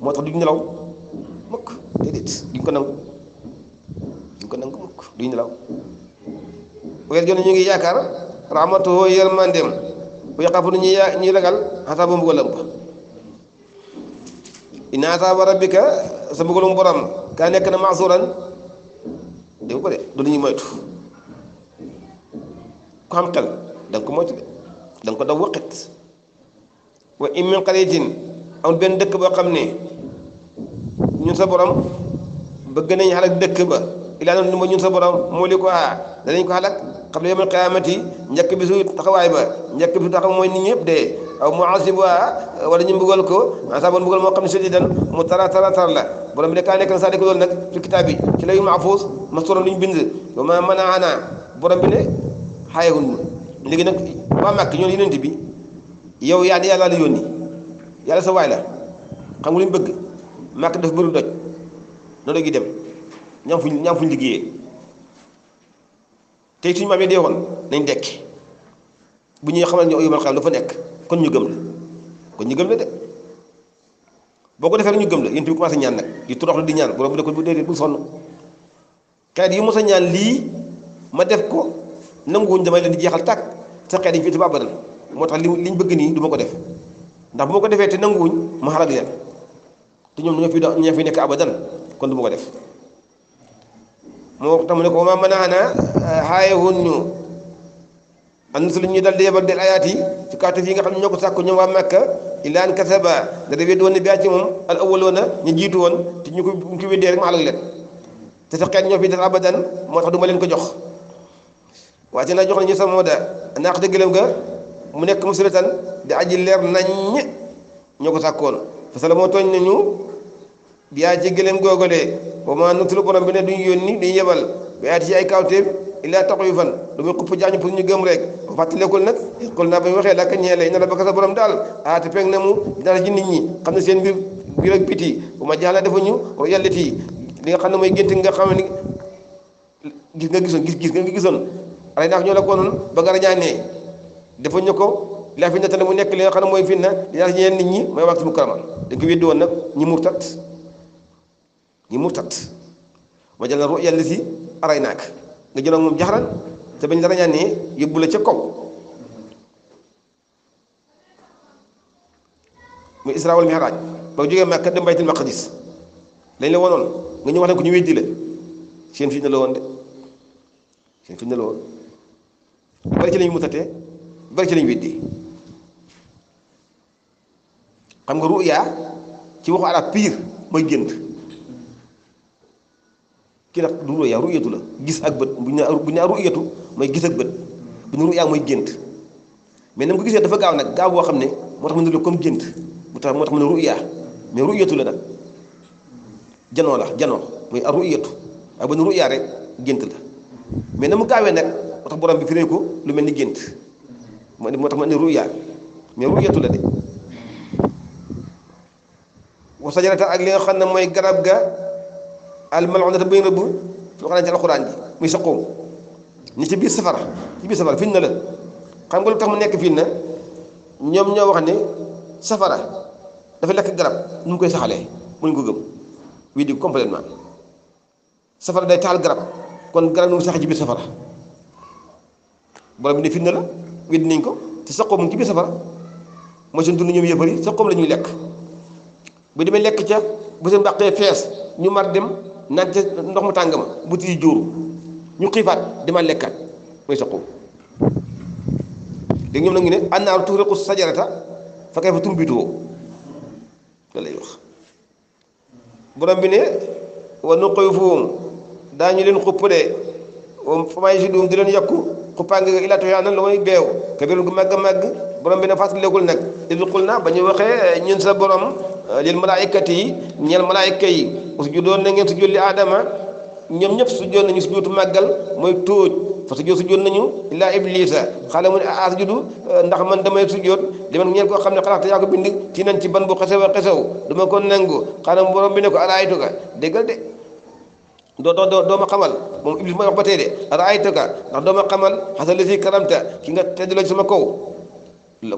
Speaker 1: moo tax duñ nelaw mukk déedéet duñ ko nangu duñ ko nangu mukk ñu ngi yaakaar rahmatuhu yërmandeem bu yaqaafu ñuy ya ñuy ragal xasaab ba mbugalam ba inna asaaba rabbika sa borom kaa nekk na maasuran dégg ko de du lu ñuy moytu ku xam xel da nga ko moytu de da nga ko daw waqit wa in min qaryatin amul benn dëkk boo xam ne ñun sa borom bëgg nañu xalak dëkk ba ilaa noonu ñun sa borom moo li ko danañ ko xalak xam ne yomal qiyaamati njëkk bi su taxawaay ba njëkk bi su taxaw mooy nit ñëpp dee aw mu asiba wala ñu mbugal ko asaaban mbugal moo xam ne sadiidan mu tara tara tar la borom bi ne kaa nekk na saa ko loolu nag ci kitaab bi ci lay mahfuus mastuuran lu ñu bind wa ma manaana borom bi ne xaayewul léegi nag waa màkk ñoom yonent bi yow yaa yàlla la yónni yàlla sa waay la xam nga lu ñu bëgg màkk daf bëri doj na doj gi dem ñaam fuñ ñaam fuñ liggéeyee tey suñu maam yi dee woon nañ dekk bu ñuy xamal ñu yawmal qiyaama dafa nekk kon ñu gëm la kon ñu gëm la de boo ko defee ñu gëm la yéen bi commencé ñaan nag di toroxlu di ñaan borom bi ko bu déedéet bu sonn xeet yi mos ñaan lii ma def ko nanguwuñ damay leen di jeexal tàkk sa xeet moo tax li liñ bëgg nii du ma ko def ndax ma ko defee te nanguwuñ ma xalag ñoom ñoo fi ñoo fi nekk abadan kon du ma ko def moo tax mu ne ko ma manaana xaaye eh, woon ñu an su lu ñuy dal di yebal del ayaat yi ci kaatu yi nga xam ñoo ko sàkku ñoom waa Makka ilaan kasaba dada wedd woon ne biaa ci moom al awwaloona ñu jiitu woon te ñu ko ñu ko weddee rek ma alal leen te sa xeet ñoo fi def abadan moo tax du leen ko jox waaye te jox na ñu sama mooda naax dëggalam ga mu nekk musulatan di aji leer naññ ko sàkkoon parce moo tooñ nañu biaa ci gëléem googolee ma nutulu borom bi ne duñu yónni dañu yebal bayaati ci ay kawteef illaa taxuyu fan lu muy xupp jaañu pour ñu gëm rek ba fàttalekul nag xol naa ba ñu waxee lakka ñee lay na la baka borom daal ah te na mu dara nit ñi xam ne seen mbir biir ak biti bu ma jaxla dafa ñu o yàlliti li nga xam ne mooy gént nga xam ne gis nga gisoon gis gis nga gisoon ray naak ñoo la ko noonu ba nga rañaanee dafa ñu ko laa fi na mu nekk li nga xam ne mooy fitna dinaa ñeen nit ñi mooy waxtu mu karama dañ ko weddi woon nag ñi murtat ñi murtat wa jël ru'ya li si aray naak nga jëloon moom jaxaran te bañ la rañaanee yóbbu la ca kaw muy isra wal mi'raj boo jógee Makka dem lañ la wonoon nga ñëw wax ne ko ñu weddi la seen fitna la woon de seen fitna la woon bari ci lañu mutatee bari ci lañu weddi xam nga ru'ya ci waxu arab pire mooy gént ki daf du ruya la gis ak bët bu ñu nee gis ak bët bu ñu na ko gisee dafa gaaw nag gaaw boo xam ne moo tax mu ne la comme mu tax la nag janoo la janoo mooy a ruyatu ak ba ñu ruyaa rek gént mais na mu gaawee nag moo tax borom bi firee ko lu mel ni gént moo moo tax ma ne ruyaa mais ruyatu la de wa sajaratan ak li nga xam ne mooy garab ga almal'una te bu ñu rëbb lu ko daan ci alxuraan ji muy saqoom ni ci biir safara ci biir safara fitna la xam nga lu tax mu nekk fitna ñoom ñoo wax ne safara dafa garab nu koy saxalee mënuñ ko gëm di complètement safara day taal garab kon sax ci biir safara borom bi ne fitna ko te saqoom mu ngi ci biir safara ñoom yëpp bëri saqoom la ñuy lekk bu demee lekk ca bu seen bàqee fees ñu mar dem. naan ca ndox mu tàng ma buti yi jóoru ñu xiifaat dama lekkaat mooy sa xub léegi ñoom nag ñu ne annaaru tuxriqu sajarata fa kayfa tumbituhu la lay wax borom bi ne wa daa daañu leen xupp de wa famaa yash'uruun di leen yokku xuppaange illaa tughyaana la mooy beew kabiirun gu màgg a màgg borom bi ne fàttalikul nag idh na ba ñu waxee ñun sa borom lil malaayikati yi ñeel malaayika yi usjudoon na ngeen sujjóot li aadama ñoom ñëpp sujjóot nañu sujjóotu màggal mooy tóoj fa sujjóot sujjóot nañu illaa iblisa xaala mu ne ah, asjudu ndax man damay sujjóot li man ñeel koo xam ne xalaat yaa ko bind ci nan ci ban bu xesew a xesew duma ko nangu xaala borom bi ne ko alaaytuka déggal de doo doo doo ma xamal moom iblis mooy wax ba tey de alaaytuka ndax doo ma xamal xasal la si karamta ki nga teddaloo ci sama kaw la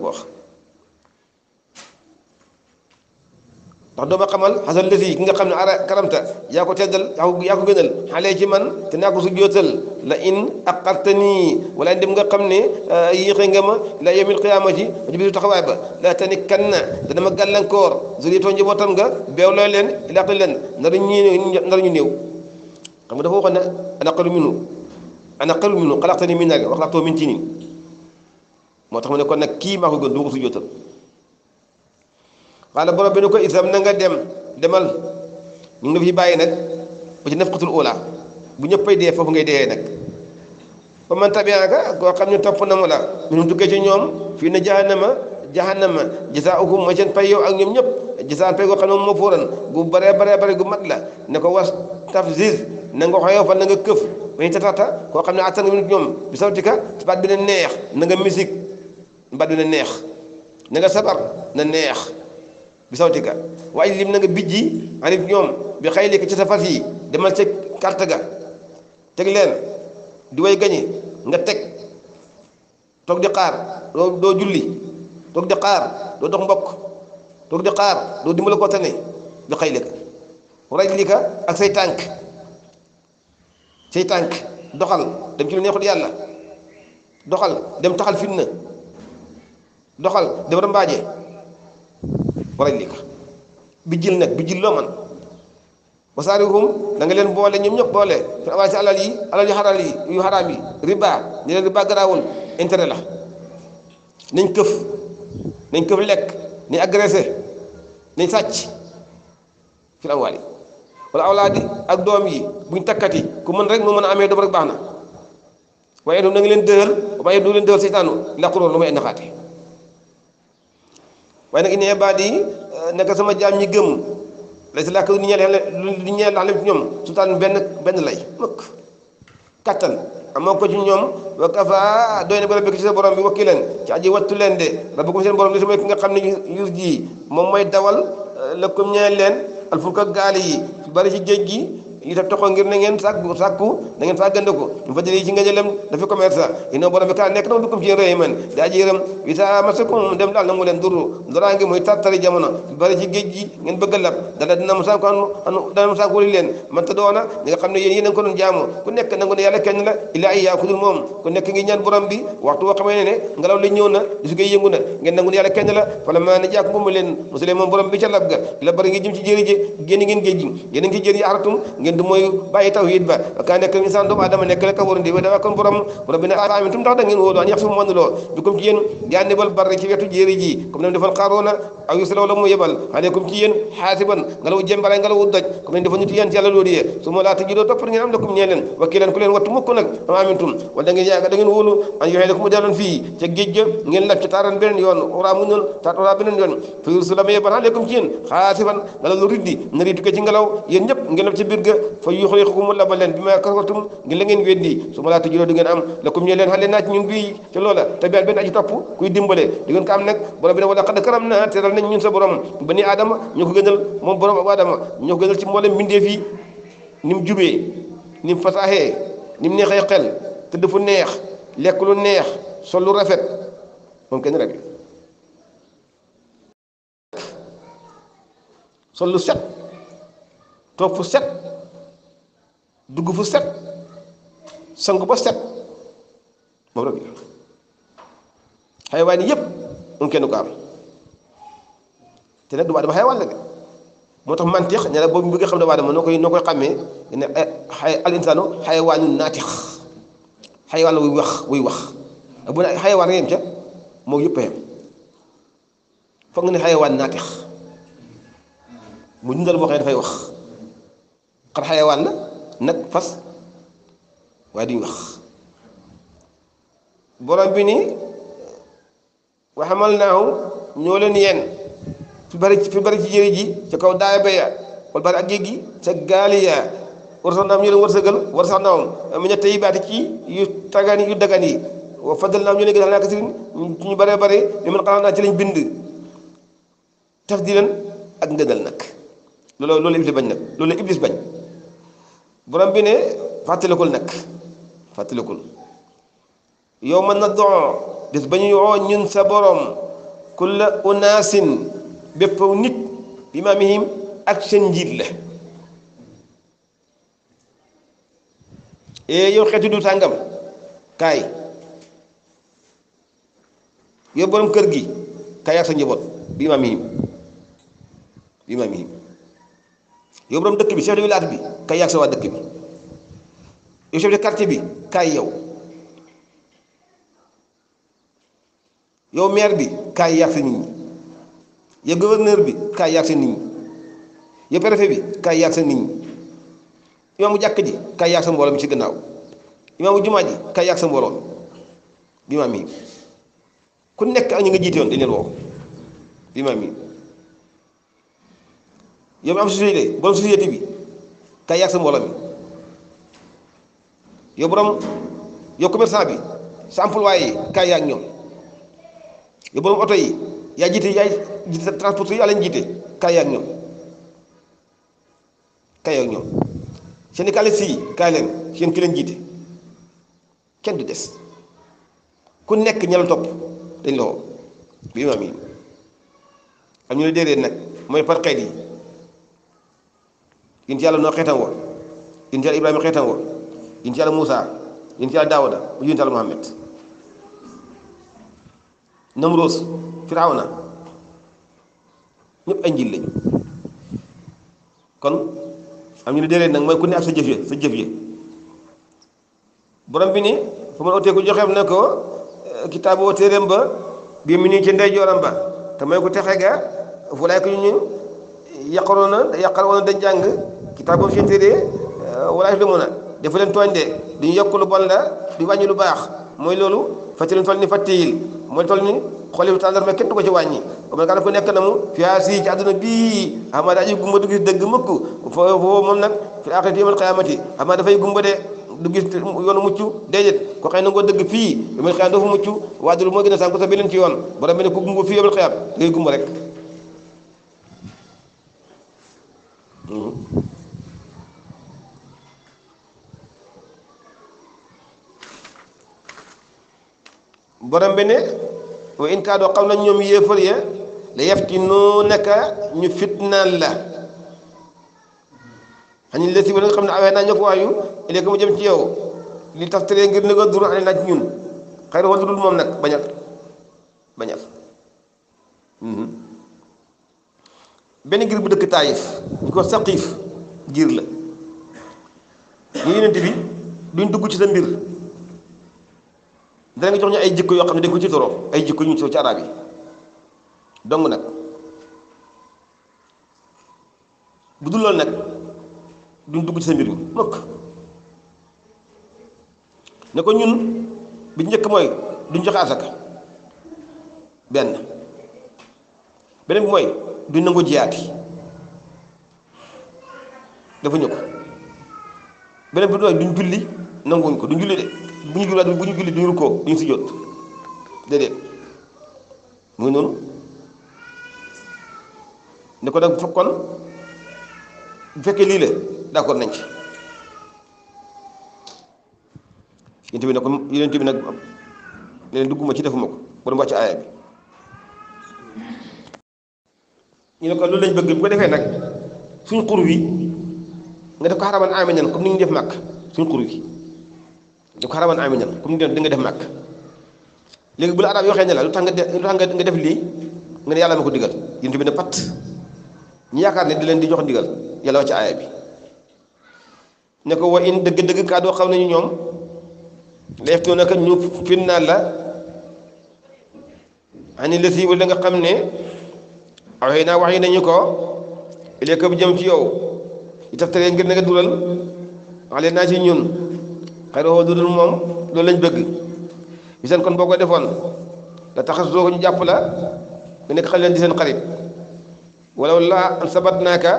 Speaker 1: ndax doo ma xamal xasal lesi ki nga xam ne ara karamta yaa ko teddal yaa ko yaa ko gënal xale ci man te ko su jootal la in aqartani wala dem nga xam ne ah, yéexee nga ma la yawmil qiyaamati ci bisu taxawaay ba la tani kan na dana ma gàllankoor zuriyatoo njabootam nga beew looy leen ilaqi leen nar ñu nar ñu néew xam nga dafa waxoon ne ana xalu minu ana xalu minu xalaqtani min naaga wax laa too moo tax ma ne kon nag kii gën du ma ko su jootal xaala borom bi ne ko isam na nga dem demal ñu ngi fi bàyyi nag ba ci nafqatul ula bu ñëppay dee foofu ngay dee nag ba man tabiaaka koo xam ne topp na mu la minum tukkee ci ñoom fii na a jahannama jasaaukum mooy seen pay yow ak ñoom ñëpp jasaan pay koo xam ne moom moo fóoran gu gu mat la ne ko was tafziz na nga na nga këf bañu tatata koo xam ne attan nga nit ñoom bi sawtika baat bi na neex nanga nga musique baat bi na neex na nga sabar na neex bi sawtika waaye lim na nga bijji anit ñoom bi xaylika ca sa fas yi demal ca carte ga teg leen diway way gañe nga teg toog di xaar doo doo julli toog di xaar doo dox mbokk toog di xaar doo dimbale ko tane bi xaylika ak say tànk say tànk doxal dem ci lu neexul yàlla doxal dem taxal fitna doxal dem rambaaje warañ li bi jil nak bi jil lo man wasarihum da nga len bolé ñom ñep bolé fi alal yi alal yu yu riba ñu len riba garaawul intérêt la niñ keuf niñ keuf lek ni agressé nañ sacc fi amwaal yi wala awladi ak dom yi buñ takati ku mën rek mo mën amé rek baxna waye na nga len deul waye du len deul setanu la lu may waaye nag inna ibaad yi eh, naka sama jaam ñi gëm lay si làkk lu ñeel yàlla lu ñeel yàlla ci ñoom benn benn lay mëkk kattan amoo ko ci ñoom wa kafa doy na ba rabbika ci sa borom bi wakki leen ci aji wattu leen de rabbukum seen borom li si ki nga xam ne yus ji moom mooy dawal eh, la ko ñeel leen alfulka gaal yi bari ci géej gi yi daf taxoo na ngeen sàkku sàkku na ngeen sàggandiku ñu fa ci nga jëlem dafi commerce ino borom bi nekk na mu duru doraa ngi muy tartari jamono bari ci géej ngeen bëgg a lab dana dina mu sàkku anu dana mu sàkku leen man doona ne yéen yéen a ko ku nekk nangu ne yàlla kenn la illaa dul moom ku nekk ngi ñaan borom waxtu boo xamee ne ngelaw li ñëw na gisu koy yëngu ngeen nangu ne yàlla kenn la maa ne jaaku mu leen mosulee moom ca ngeen du mooy bàyyi tawhid ba ka nekk insaan doomu adama nekk rek a war a ndiwe dafa kon borom rabbina aamintum ndax da ngeen wóolu an yax su mën loo bi comme ci yéen yaannibal barri ci wetu jéeri ji comme nañ defal xaaroona aw yu salaw la mu yebal aleykum ci yéen xaasiban ngalaw jëmbare ngalaw doj comme nañ defal ñu ci yéen ci yàlla loolu yee su ma laata jidoo topp ngeen am lakum ñee leen wakki leen ku leen wattu mukk nag am amintum wala da ngeen yaakaar da ngeen wóolu an yoxee la ko mu delloon fii ca géej ga ngeen lab ci taaran beneen yoon oraa mu noon taat oraa beneen yoon fa yursu la mu yebal aleykum ci yéen xaasiban ngalaw lu riddi na riddu ko ci ngalaw yéen ñëpp ngeen lab ci biir ga fa yuxriqukum mu labal leen bi ma kafartum ngir la ngeen weddi suma la laa tujuroo ngeen am lakum ñe leen xale naa ñun bi ci loola te bi benn aji topp kuy dimbalé di ngeen ka am nak borom bi ne wala qad karamna teral nañ ñun sa borom bani adam ñoo ko gënal moom borom ak aadama ñoo gënal ci mbolé minde fi nim jubé nim fasahé nim fasaaxee xel te fu neex lek lu neex sol lu rafet mom kenn rek sol lu set top set dugg fu set sangu ba set boobu rek xayawaan yëpp moom kenn ko am te nag du aadama xayawaan la de moo tax mantiq ñe la boobu mu bëggee xam ne aadama noo koy noo koy xàmmee ne eh, xay al insaanu xayawaanu naatiq wax wuy wax ak bu ne xayawaan moo yëpp a yem foog nga ne xayawaan boo xam dafay wax xar xayawaan la nag fas waaye duñ wax borom bi ni waxamal naaw ñoo leen yeen fi bari fi bari ci jëri ji ca kaw daay baya wal bari ak géej gi ca war sax naam ñu leen wërsëgal war sax naam mu ñett baati ci yu tagan yu dagan yi wa fadal naam ñu leen gën naa kasirin ci ñu bare bare li man xalaat naa ci lañ bind taf di leen ak ngënal nag loolu loolu iblis bañ nag loolu iblis bañ borom bi ne fàttalikul nag fàttalikul yow mën na don bis ba ñuy woo ñun sa borom kulla unaasin bépp nit bi maamihim ak seen njiit la e yow xeetu du tàngam kaay yow borom kër gi kaay ak sa njaboot bi maamihim bi maamihim yow borom dekk bi chef de village bi kay yak sa wa dekk bi yow chef de quartier bi kay yow yow maire bi kay yak sa nit ñi yow gouverneur bi kay yak sa nit ñi yow préfet bi kay yak sa nit ñi imam jakk ji kay yak sa mbolam ci gannaaw imam juma ji kay yak sa mbolam bi imaam ku nekk ak ñu nga jiite dañ leen wo bi imaam yow mi am société borom société bi kay yàgg sa mbooloo mi yow borom yow commerçant bi sa employé yi kay yàgg ñoom yow borom oto yi yaa jiite yaa jiite transporteur yi yaa leen jiite kay yàgg ñoom kay yàgg yi kay leen seen ki jiite kenn du des ku nekk ña topp dañ la woo bi imaam yi am ñu ne déedéet nag mooy par xeet yi. inti noo xeetam wo inti yàlla ibrahima xeetam wo inti yàlla moussa inti yàlla daawuda yonti yàlla muhammad njiit lañ kon am ñu ne déedéet nag mooy ku ne ak sa jëf ya sa jëf ya borom bi ni fa man ootee ku joxeem ne ko eh, kitaabu téeréem ba bi mu nii ci ndeyjooram ba te mooy ku texe ga fu laay ko ñu yàqoon na yàqal woon dañ jàng kitaaboo seen téere euh, walaay lu mu na dafa leen tooñ de du ñu yokk lu bon la du wàññi lu baax mooy loolu fàttali ñu toll ni fàttiyil mooy toll ni xooli a kenn du ko ci wàññi man ku nekk na mu fiaa bii xamaa daa gumba du gis dëgg mukk foofu moom nag fi aaxirati yawmal qiyaamati xamaa dafay gumba de du gis yoonu mucc déedéet ko xëy na nga dëgg fii yawmal qiyaam doo fa mucc waajur moo gën a sànku sa beneen ci yoon borom bi ne ku gumba fii yawmal qiyaam ngay gumba rek Mhm. borom bi ne wa in kaadoo xam nañ ñoom yéefar ya la yaftinuunaka ñu fitnaan la xañ la si ba xam ne awee naa ñoo ko léegi mu jëm ci yow li tax tere ngir nëga duru ane naa ñun xëy na wala dul moom nag bañal bañal mhm. benn giir bu dëkk taayif ñu ko saqiif giir la ñu yonent bi duñ dugg ci sa mbir danañ jox ñu ay jikko yoo xam ne dañ ko ci toroo ay jikko yu ñu soo ci arab yi dong nag bu dul loolu nag duñ dugg ci sa mbir mi mukk ne ko ñun bi njëkk mooy duñ joxe asaka benn beneen bi mooy duñ nangu jiyaati defuñu ko beneen bi doon duñ julli nanguwuñ ko duñ julli de bu ñu julliwaat bu ñu julli duñ rukkoo duñ si jot déedéet mu ngi noonu ne ko nag kon bu fekkee lii la d'accord nañ ci yéen bi ne ko yeneen bi nag leneen dugguma ci defuma ko ba mu wàcc aaya bi ñu ne ko loolu lañ bëgg bu ko defee nag suñ xur wi nga def ko xaraman aminan comme ni ñu def màkk suñ xur wi ko xaraman aminan comme ni ñu def di nga def màkk léegi bu la arab waxee ne la lu tax nga def nga def lii nga ne yàlla ma ko digal yéen bi ne pat ñu yaakaar ne di leen di jox digal yàlla wax ci aaya bi ne ko wa in dëgg-dëgg kaa doo xam nañu ñoom leef too naka ñu naa la ani lësi wala nga xam ne awxey naa wax yi nañu ko ilayka bu jëm ci yow yi taftalee ngir na nga dugal ale naa ci ñun moom loolu lañ bëgg bi kon boo ko defoon la taxas doo jàpp la nga nekk xale leen di seen xarit wala laa an sabat naaka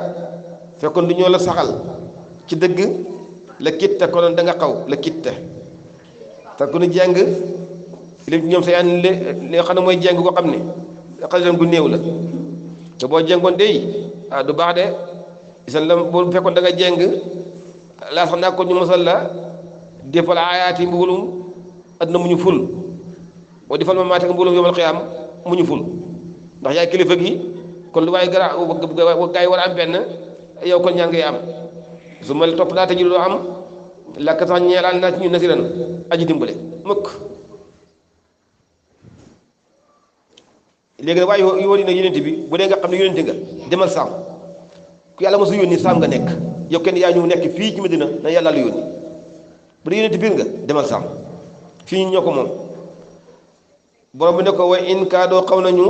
Speaker 1: fekkoon du ñoo la saxal ci dëgg la kitta konoon da nga xaw la kitta jàng lépp ñoom sa yaan li nga xam ne mooy jàng koo xam ni xale leen gu néew la te boo jéngoon dey ah du baax de isan la boo fekkoon da nga jéng laa sax naa ko ñu mosal la defal ayaati mbugalum adduna mu ful boo defal ma maate mbugalum yomal xiyaam mu ñu ful ndax yaay kilifa gi kon lu waaye gara gaa yi war am benn yow kon ñaan ngay am su ma topp daa te ñu loo am lakk sax ñeelaan naa ci ñu nasiran aji dimbale mukk léegi nag waaye yow yi nag yonent bi bu dee nga xam ne yonent nga demal saam yàlla mosu yónni saam nga nekk yow kenn yaa ñu nekk fii ci Medina na yàlla la yónni bu dee yonent biir nga demal saam fii ñu ko moom borom bi ne ko wa in kaadoo xaw nañu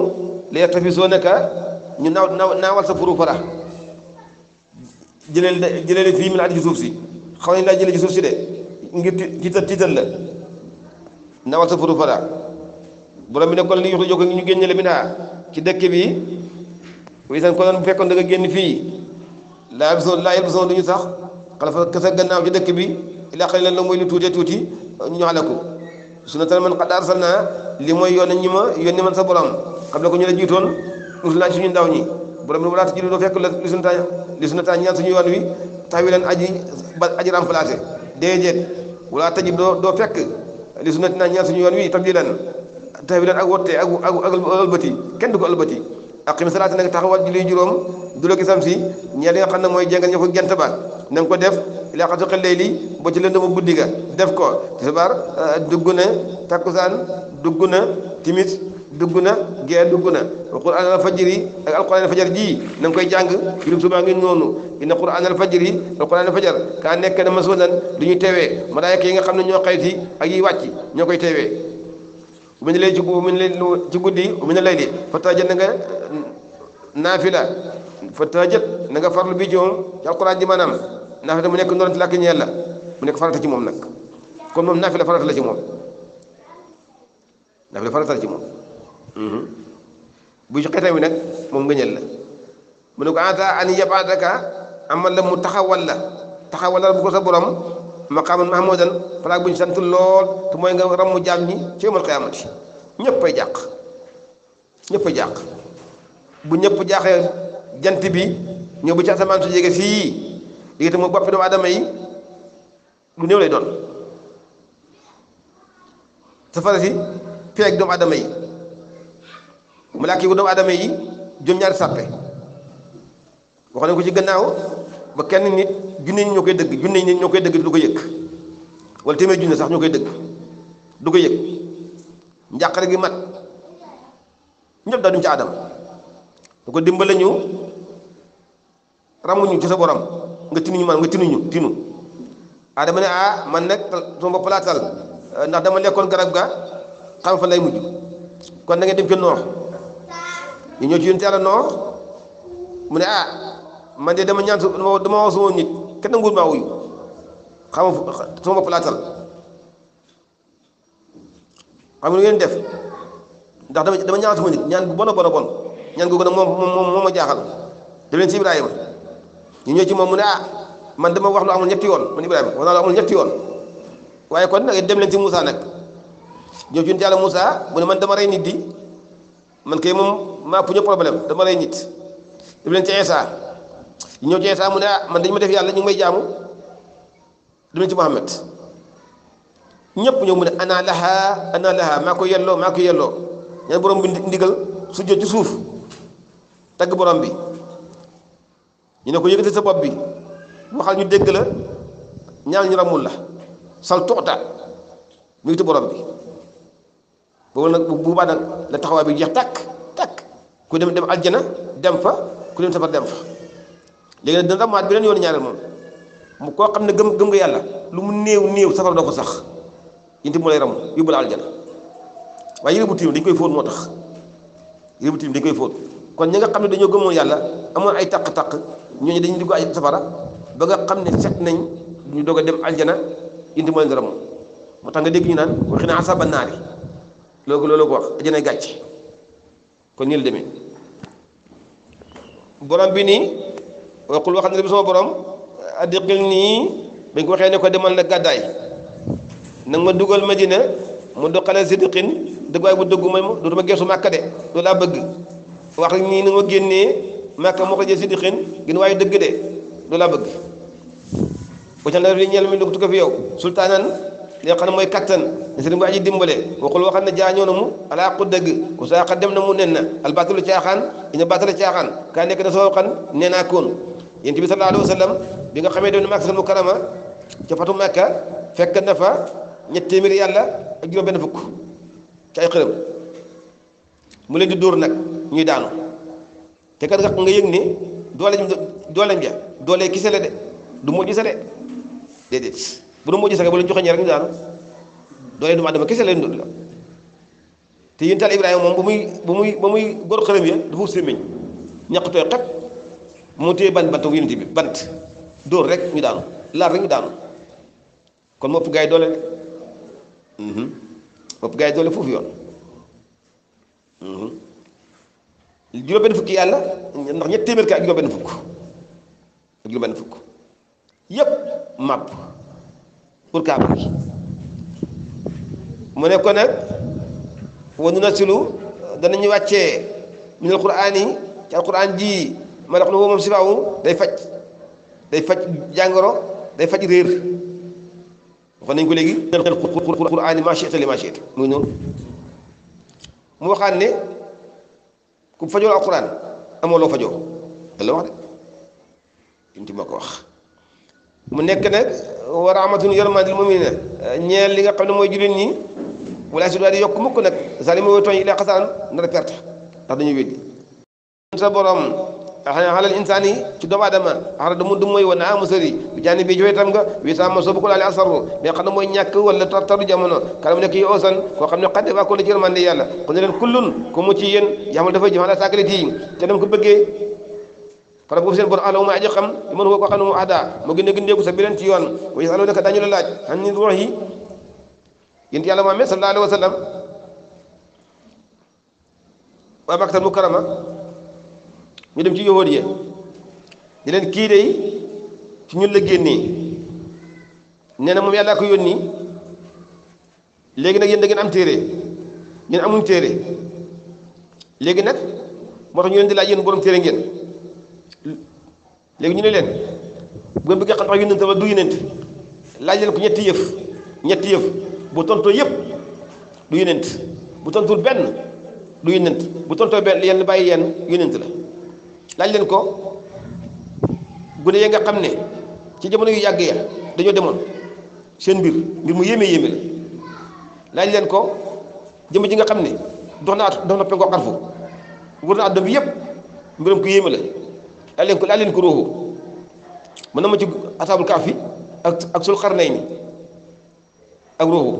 Speaker 1: lee tafi soo nekka ñu naaw naawal sa furu fara jëleel jëleel fii min addi ci suuf si xaw nañu laa jëlee ci suuf si de ngir tiital sa furu fara borom bi ne kon li yuxtu joko ñu génnele bi naa ci dëkk bi wi seen ko doon da nga génn fii laa yelbisoon laa yelbisoon du ñu sax xalafa kese gannaaw ci dëkk bi ilaa xali lan la mooy lu tuutee tuuti ñu xaleku suna tan man xad arsalna li mooy yoon ñi ma yónni man sa borom xam la ko ñu la jiitoon utu laaj suñu ndaw ñi borom bi walaa ta doo fekk li sunu taa li sunu taa ñaan suñu yoon wi tax leen aji ba aji remplacé déedéet walaa tajib doo doo fekk li sunu taa ñaan suñu yoon wi tabdilan tahwilan ak wotte ak ak ëlbati kenn du ko ëlbati aqim salaata nag taxawal julli juróom du la gisam si ñeel li nga xam ne mooy jengal ñëfu jant ba na nga ko def ilaa xatuqi layli ba ci lëndëmu guddi ga def ko tisbaar euh, dugg na takkusaan dugg na timis dugg na gee dugg na wa quraan al fajri ak alquraan al fajar ji na nga koy jàng juróom subaa ngi noonu inna quraan al fajri alquraan al fajar kaa nekk na masulan du ñu teewee malaayka yi nga xam ne ñoo xayti ak yi wàcc ñoo koy teewee min lay ci min lay ci guddi min lay li fa tahajjat nga naafila fa tahajjat na nga bi ci moom ci alquran mu nekk ndorante làkk ñeel la mu nekk farata ci moom nag kon moom naafila farata la ci moom naafila farata la ci mhm. bu ci xetam wi nag moom nga ñeel la mu ne ko an yabadaka amal la mu taxawal la taxawal la bu ko sa borom maqaaman mahmuudan plaque bu ñu sant lool te mooy nga ramu jaam ñi ci yawmal qiyaamati ñëpp ay jàq ñëpp jàq bu ñëpp jaaxee jant bi ñëw ba ci asamaan su jege fii léegi mu boppi doomu aadama yi lu néew lay doon safara si peeg doomu aadama yi mu làkk yi doomu aadama yi juróom-ñaari sàppe wax nañ ko ci gannaaw ba kenn nit junne nit ñoo koy dëgg junne ñoo koy dëgg du ko yëg wala téeméer junne sax ñoo koy dëgg du ko gi mat ñëpp daal duñ ci adam du ko dimbale ñu ramuñu ci sa borom nga tinuñu maanaam nga tinuñu tinu adama ne ah man nag sama bopp eh, ndax dama lekkoon garab ga xam fa lay mujj kon da ngay dem ca noox ñu ñëw ci yonent Yàlla noox mu ne ah man de dama ñaan dama dama wax sama nit kenn nguur ma wuyu xam nga sama bopp laatal xam ngeen kan, def ndax dama dama ñaan sama nit ñaan bu bon a bon bon ñaan gogo nag mom moom moom jaaxal de len ci Ibrahima ñu ñëw ci mom mu ne ah man dama wax lu amul ñetti yoon man Ibrahima wax lu amul ñetti yoon waye kon nak dem len ci musa nak ñëw ci yonent musa bu ne man dama ray nit di man kay mom ma puñu problème dama ray nit dem len ci Isa ñu jé sa mu né man dañu ma def yalla ñu ngi may jaamu dama ci Muhammad ñepp ñëw mu né ana laha ana laha ma ko yelloo maa ko yelloo ñaan borom bi ndigal su jott ci suuf tag borom bi ñu ne ko yëkkati sa bop bi waxal ñu dégg la ñaan ñu ramul la sal tuqta mu yëkkati borom bi boobu nak bu ba nag la taxawa bi jeex tak tak ku dem dem aljana dem fa ku dem safar dem fa léegi nag mat bi leen yoon ñaaral mom mu ko xamne gëm gëm nga yalla lu mu neew neew safara do ko sax inti mu lay ram yubul la aljana waaye yére bu dañ koy fóot motax tax tim dañ koy Baga kon ñi nga xamne dañu ay tak ñoo ñi dañu dugg ay safara ba nga xamne set nañ ñu doga dem aljana inti mo leen ram moo tax nga degg ñu naan waxi na asaba naari logo loolu ko wax aljana gàcc kon ñi la demé borom bi ni waxul waxal ne bi sama borom addiqil nii bañ ko waxee ne ko demal na gàddaay nag ma dugal Madina mu doqale siddiqin dëgguwaay bu dëggu may ma dootuma geesu màkka laa bëgg wax nii na ma génnee màkka moo ko jël siddiqin dëgg de loolu laa bëgg wacca na li ñeel mi lu tukka fi yow sultaanan li nga xam ne mooy kattan ni sëriñ bu aji dimbale waxul waxal ne jaañoo na mu alaa dëgg ku saaxa dem na mu nen na albaatalu caaxaan ina baatala caaxaan kaa nekk na soo xam nee naa koon yonent bi sallallahu alayhi wasallam bi nga xamé doon makka Mukarrama ci fatu Makka fekk na fa ñet témir yalla ak juróom ben fukk ci ay xërem mu leen di door nak ñuy daanu té kat nga nga yëg ni doole dooleem ja doole kese la de du moo gisale déedéet bu du moo gisale bu leen joxe ñaar ñu daanu doole doomu adama kese la ñu la te yéen taal ibrahim mom bu muy bu muy bu muy gor xërem ya du fu seen meññ ñaq mu téye ban bant yonent bi bant dóor rek ñu daanu laal rek ñu daanu kon moo gaa yi doole rek mhm. ëpp gaa yi doole foofu yoon mhm. juróom-benn fukki yàlla ndax ñett téeméer benn fukk ak fukk yépp màpp pour kaaba gi mu ne ko nag wa nunazzilu danañu wàccee min alquraan yi ci alquraan ji ما نحن هو مسيبا هو داي فاج داي فاج جانغرو داي فاج رير فان نقول لي القرآن ما شئت لما شئت منو مو خان لي كم فجوا القرآن أم ولا فجوا الله واحد أنت ما كوخ من نك نك ورحمة الله يرحم المؤمنين نيل لي قبل ما يجري ني ولا سيدوا لي يكمل كنك زالي مو توني إلى قصان نرحب تا دنيو بيدي سبورام halal insani ci doomu adama xara da mu dum moy wona musari bi jani bi joy tam nga wi sama so bukul ali asar bi xana moy ñak wala tartaru jamono kala mu nek yi osan ko xamne xade wa ko la jël man yalla ko ne len kullun ko mu ci yeen yamal dafa jëfal sakaliti te dam ko bëgge fara bu seen bor alawma aji xam man ko xanu ada mo gëne gëne ko sa bilen ci yoon way salu naka dañu la laaj hanni ruhi yent yalla muhammad sallallahu alaihi wasallam wa maktal mukarrama ñu dem ci yowóot ya di leen kii de ci ñun la génnee nee na moom yàllaa ko yónni léegi nag yéen da am téere yéen amuñ téere léegi nag moo tax ñu leen di laaj yéen borom téere ngeen léegi ñu ne leen bu ngeen bëggee xam ndax yónnent wala du yónnent laaj leen ko ñetti yëf ñetti yëf bu tontoo yépp du yónnent bu tontul benn du yónnent bu tontoo benn yenn bàyyi yenn yónnent la laaj leen ko gune yi nga xam ne ci jamono yu yàgg ya dañoo demoon seen mbir mbir mu yéeme yéeme la laaj leen ko jëmm ji nga xam ne dox na dox na penko xarfu wër na àdduna bi yëpp mbiram ko yéeme la laaj leen ko laaj leen ko ruuxu mën na ma ci asaabul kaafi ak ak sul xarnayni ak ruuxu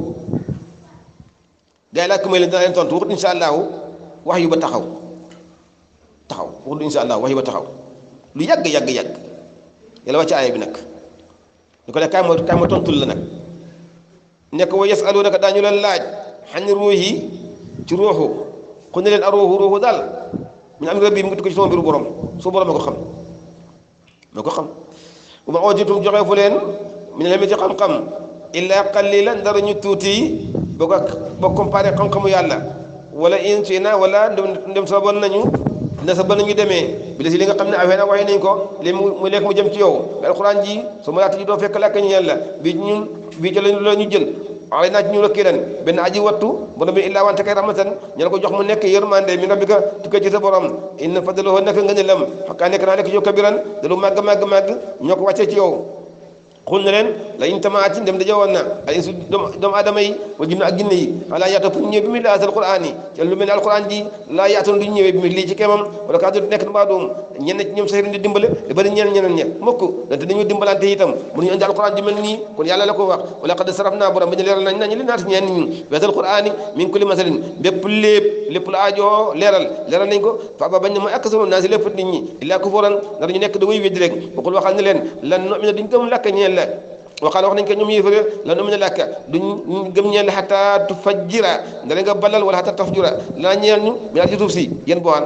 Speaker 1: gars yi laaj ko leen dana leen tontu waxut insha allahu wax yu ba taxaw taxaw wax du insha allah wax lu yàgg yàgg yàgg yàlla wàcc aaya bi ko ne kaay ma kaay ma tontul la nag nekk wa yasalunaka daañu la laaj xan ruux yi ci ruuxu ku ne leen a ruuxu ruuxu daal min amri rabbi mu ngi tukki ci sama mbiru borom su borom ma ko ma ko xam bu la mi ñu tuuti ba ko ba comparé xam-xamu yàlla wala in si na wala ndem sabon nañu nasa ba nañu demee bi si li nga xam ne awee na waxee nañ ko li mu lekk mu jëm ci yow alxuraan ji su ma laata ji doo fekk lakk ñeen la bi ñun bii ci ñu jël a naa ci ñu la kiiran benn aji wattu borom bi illaa wante kay rahmatan ñu la ko jox mu nekk yërmande min rabbika tukkee ci sa borom inna fadluhu nekk nga ne lam xakkaa nekk naa nekk yow kabiran dalu màgg màgg màgg ñoo ko wàccee ci yow قلنا لن لا انت ما اتين دم دجوانا الانس دم ادمي وجن اجني على يات بني بملا هذا القران قال من القران دي لا ياتون دنيا بملي كمم ولا كاد نك بعدهم ñenn ci ñoom sëriñ di dimbale di bëri ñeneen ñeneen ñe mukk dante dañoo dimbalante itam mënuñu indi alquran di mel nii kon yàlla la ko wax wala qad sarafna borom ba ñu leeral nañ nañu li naati ñeen ñi weesal qur'ani min kulli masalin bépp lépp lépp la aajoo leeral leeral nañ ko fa ba bañ na mooy aksaru naasi lépp nit ñi illaa kufuran nar ñu nekk da koy weddi rek waxul waxal ne leen lan nomina duñ gëm lakk ñeen la waxaana wax nañ ko ñoom yéefare la nu mu ne làkk duñ gëm ñeen la xataa tu fajjira nga nga balal wala xataa tafjura la ñeel ñu mi naat ci suuf si yéen bowaan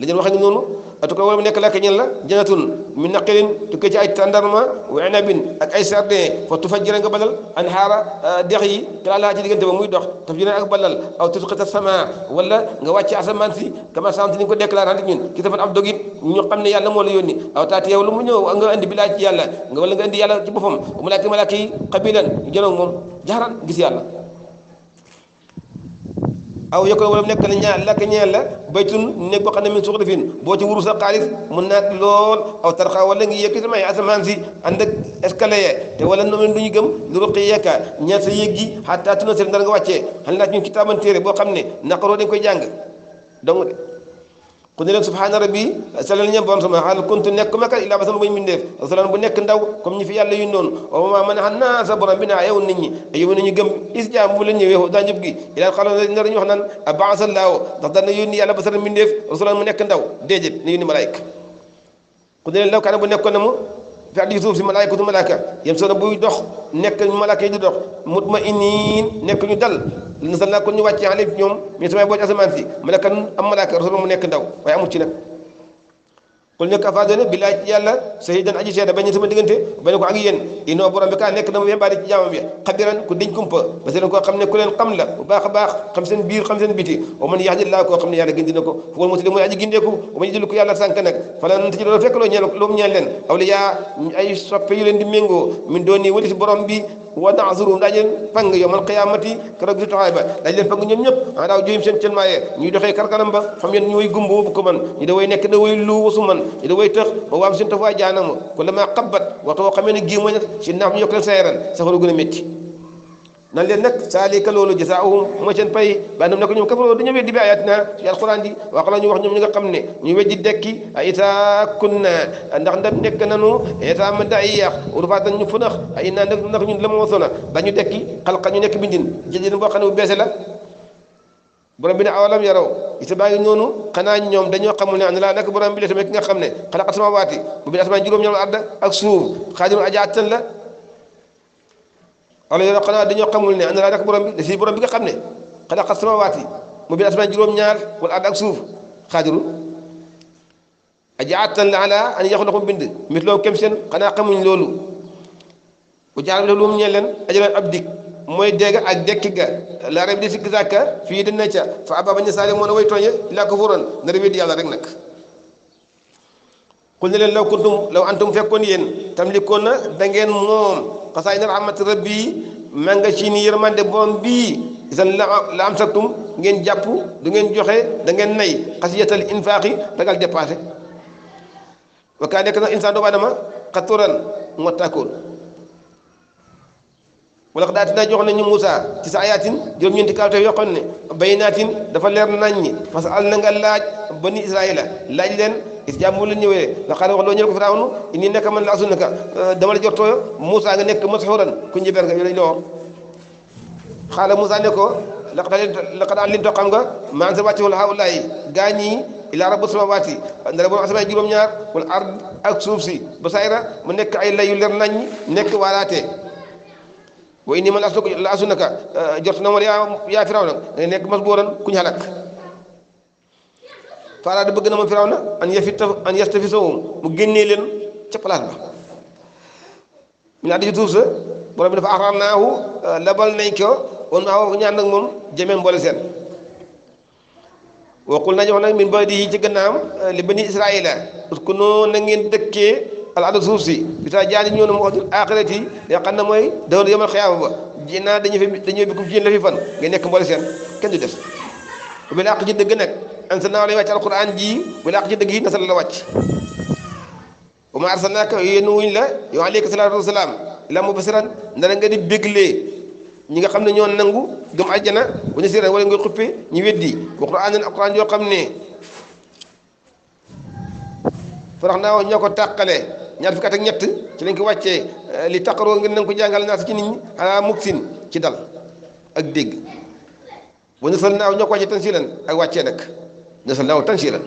Speaker 1: la jël waxee noonu en tout cas wala mu nekk lekk ñen la janatun min naqilin tukkee ci ay tàndarma wa inabin ak ay sardin fa tufajjira nga balal an xaara euh, dex yi xilaalaa ci diggante muy dox tafjira ak balal aw tusqita sama wala nga wàcc asamaan si kama santi ni ko déclaré ak ñun ki tafat ab dog it ñu xam ne yàlla moo la yónni aw taati yow lu mu ñëw nga indi bi laa ci yàlla nga wala nga indi yàlla ci boppam malaaka malaaka yi xabilan ñu moom jaxaran yàlla aw yokkoon wala nekk na ñaar lakk ñeel la baytun nekk boo xam ne min suux defin boo ci wuru sa xaalis mu naat lool aw tarxa wala ngi yëkki samay asamaan si ànd ak escalier te wala noonu du ñu gëm lu ruqi yeeka ñaar sa yéeg ji xataa tuna seen dara nga wàccee xan laaj ñun kitaaban téere boo xam ne naqaroo dañ koy jàng donc كوني لك سبحان ربي سلا نيام بون سما حال كنت نيك مكا الا بس موي من ديف سلا بو نيك نداو كوم ني في يالا يون نون او ما من حنا صبر بنا يوم نيني ايو نيني گم اسجا مو لا نيوي دا نيب الى خلو نار ني وخنان ابعث الله تدن يوني يالا بس من ديف سلا مو نيك نداو ديجيت ني ني ملائك كوني لك كان بو نيكو نمو fi addi suuf si malaykatu malaaka yem sona buy dox nekk ñu malaaka yi di dox mutma iniin nekk ñu dal nasal naa kon ñu wàcce alif ñoom mi samay booj asamaan si malaaka am malaaka rasul mu nekk ndaw waaye amut ci nag qul nekk afa doone billaay ci yàlla shahidan aji seede bañ sama diggante bañ ko ak yéen inoo borom kaa nekk na a mooy aji gindeeku wa man yudil loolu fekk loo ñeel loomu ñeel leen ay soppe yu di méngoo min doon wali si borom wan wa naasuruhum daañu leen fang yawmal qiyaamati keroog bisu taxawaay ba daañu leen fang ñoom ñëpp xanaa daaw jooyum seen cëlmaaye ñuy doxee karkanam ba xam yéen ñu way gumba bu ko man ñu da way nekk da way lu wasu man da way tëx wa waam seen taf a jaanama ku la maa xabat waxtu woo xamee ne gémmañ si naaf ñu yokk leen sayaran safaru gën a métti nan leen nag saalika loolu jasaahum mooy seen pay ba nam nako ñoom kafaroo dañoo weddi bi ayatina ci alquran ji wax la ñu wax ñoom ñi nga xam ne ñu weddi dekki a isaa kunna ndax ndax nekk nanu isaa ma da i yaq urfaatan ñu funax a inaa nag la moo sona dañu dekki xalqa ñu nekk bindin jëjin boo xam ne bu beese la borom bi ne awalam yaraw gis baa ngi noonu xanaa ñoom dañoo xamul ne ana laa nak borom bi la tamit ki nga xam ne xalaqa samaawaati mu bi asmaan juróom ñoom arda ak suuf xaadiru la wala yow xanaa dañoo xamul ne ana laa rek borom bi da si borom bi nga xam ne xanaa xas sama waat yi mu bind asamaan juróom-ñaar wala àdd ak suuf xaajaru ajaatan la ala an yaxu na ko bind mit loo kem seen xanaa xamuñ loolu bu jaarale loolu mu ñeel leen ajalan ab dig mooy dégg ak dekki ga laa rab di sikki sàkka fii dina ca fa abaa bañ a saale moo ne way tooñe illaa ko furoon na rëwee di yàlla rek nag xul ne leen law kuntum law antum fekkoon yéen tamlikoon na da ngeen moom xasaay na rahmati rabbi ma nga ci ni yërmande boom bii isan la am saktum ngeen jàpp du ngeen joxe da ngeen nay xasiyatal infaaxi ragal dépassé wa kaa nekk na insaan doomu aadama xaturan ngottaakoon wala xa daatinaa jox nañu Moussa ci sa ayaatin ñeenti kawteef yoo xam ne baynaatin dafa leer nañ ñi parce que al na nga laaj bani Israaïla laaj leen is jàmm la ñëwee nga xaala wax loo ñëw firawnu inni nekka man la asunaka dama la jortoo Moussa nga nekk mashuuran ku ne ko laqad alimta xam nga ma anzala wàcce wala haulaay gaa ñi ilaa rabbi samawaati ndara ay layu leer nañ nekk waalaate ma yaa yaa kuñ xalak faaraada bëgg na moom firaw na an yafita an yastafisahum mu génnee leen ca place ba mu naa di ci suuf sa borom bi dafa axaral naahu euh, labal nañ ko wan aw ñaan nag moom jëmee mboole seen waqul nañu wax nag min ba di ci gannaam euh, li bani israila uskunu na ngeen dëkkee al arda suuf si bisaa jaani ñoo na mu waxtul aaxirat yi yoo xam ne mooy dawal yomal xiyaama ba jinaa dañu fi dañu fi ku jin la fi fan nga nekk mboole seen kenn du def bi làq ci dëgg anzalnaa lay wàcc alquran ji bu laq ci dëgg yi nasal la wàcc wa maa arsalnaaka yéen wuñ la yow aleyka salaatu wasalaam illa mubasiran ndara nga di béglee ñi nga xam ne ñoo nangu gëm àjjana wa nasiran wala nga xuppe ñu weddi wa quraanan alquran yoo xam ne farax naa ñoo ko tàqale ñaar fukki at ñett ci lañ ko wàccee li taqaroo ngeen nañ ko jàngal naa ci nit ñi ala muksin ci dal ak dégg wa nasal ko ak wàccee nag nasallahu tansiran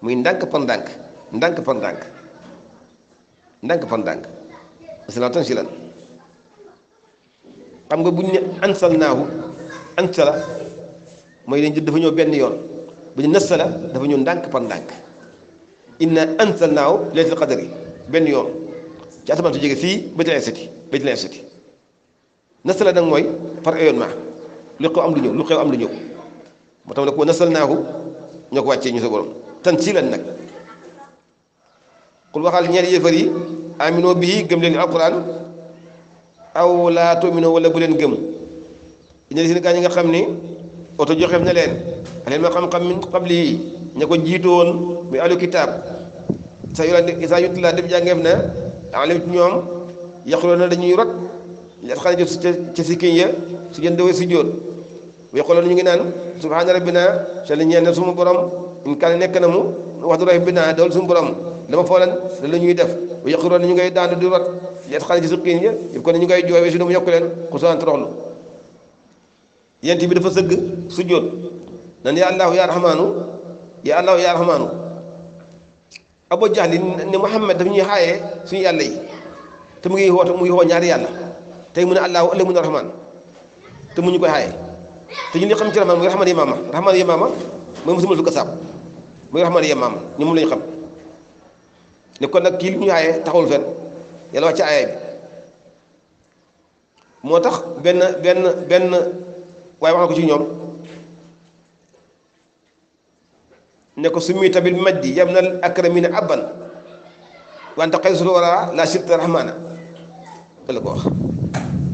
Speaker 1: muy ndànk par ndànk ndànk par ndànk ndànk par ndànk nasallahu tansiran xam nga bu ñu ne ansal naahu mooy dañ dafa ñëw benn yoon bu ñu nasala dafa ñëw ndànk par ndànk inna ansal naahu laylatul qadri benn yoon ci asamaan su jege fii ba ci lay seti ba nag mooy par e yoon xew lu ñëw lu xew am lu ñëw. moo tax ne ko nasalnaahu ñoo ko wàccee ñu sa borom tan ci lan nag xul waxal ñeer yéefar yi bii gëm leen alquran aw laa tuminoo wala bu leen gëm ñe seen gaa ñi nga xam ni oto joxeef na leen aleen ma xam-xam min qabli yi ña ko jiitoon muy alu kitaab sa yola sa yuttulaa dem jàngeef na alim ñoom yaquloo na dañuy rot li at xana jot ca sikkiñ ya su jëndawee su jóot yaquluna ñu ngi naan subhaana rabbina sali ñeen borom in kaana wax du rabbina dool sumu borom dama foolan la ñuy def wa yaquloona ñu ngay daanu di rot yet ko ne ñu ngay jooy si du mu yokku bi dafa sëgg sujjóot nan yaa allahu yaa rahmaanu yaa allahu yaa rahmaanu abu jahli ne muhammad daf ñuy xaayee suñu yàlla yi te mu ngi woote mu ngi ñaari yàlla tey mu ne allahu ëllëg mu ne rahmaan te mu ñu koy xaayee te ñun ñoo xam ci raxmaan mooy raxmaan yamaama raxmaan yamaama mooy musulmal du kasaab mooy raxmaan la ñu nag kii taxawul fenn yàlla tax benn benn benn waaye na ko ci ñoom ne ko summi tabil majdi yabnal akramina abban wante xaysul wara la shirta rahmana la ko wax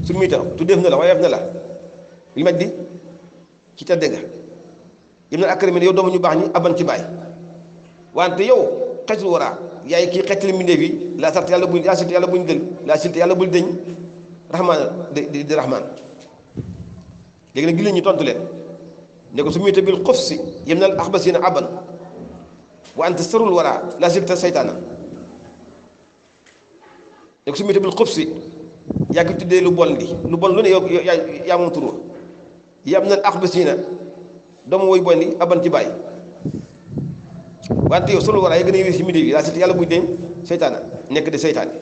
Speaker 1: summi ta na la waaye def na la bil majdi ci tedd nga ibnul akramin yow doomu ñu baax ñi aban ci baay wante yow xetul waraa yaay kii xettali mbindeef yi laa sart yàlla buñ laa silt yàlla buñ dël laa silt yàlla bul dëñ rahmaan di di rahmaan léegi nag jullit ñi tontu leen ne su muyta bil xof si yem na axbas yéen aban wa anta sarul wara laa silta saytaana su muyta bil xof si yaa ngi tuddee lu bon li lu bon lu ne yaa moom tur yabnal akhbasina dom way bonni aban ci bay wati usul wala yegni wi ci midi la ci yalla yàlla buy dem seytaana nek di seytaane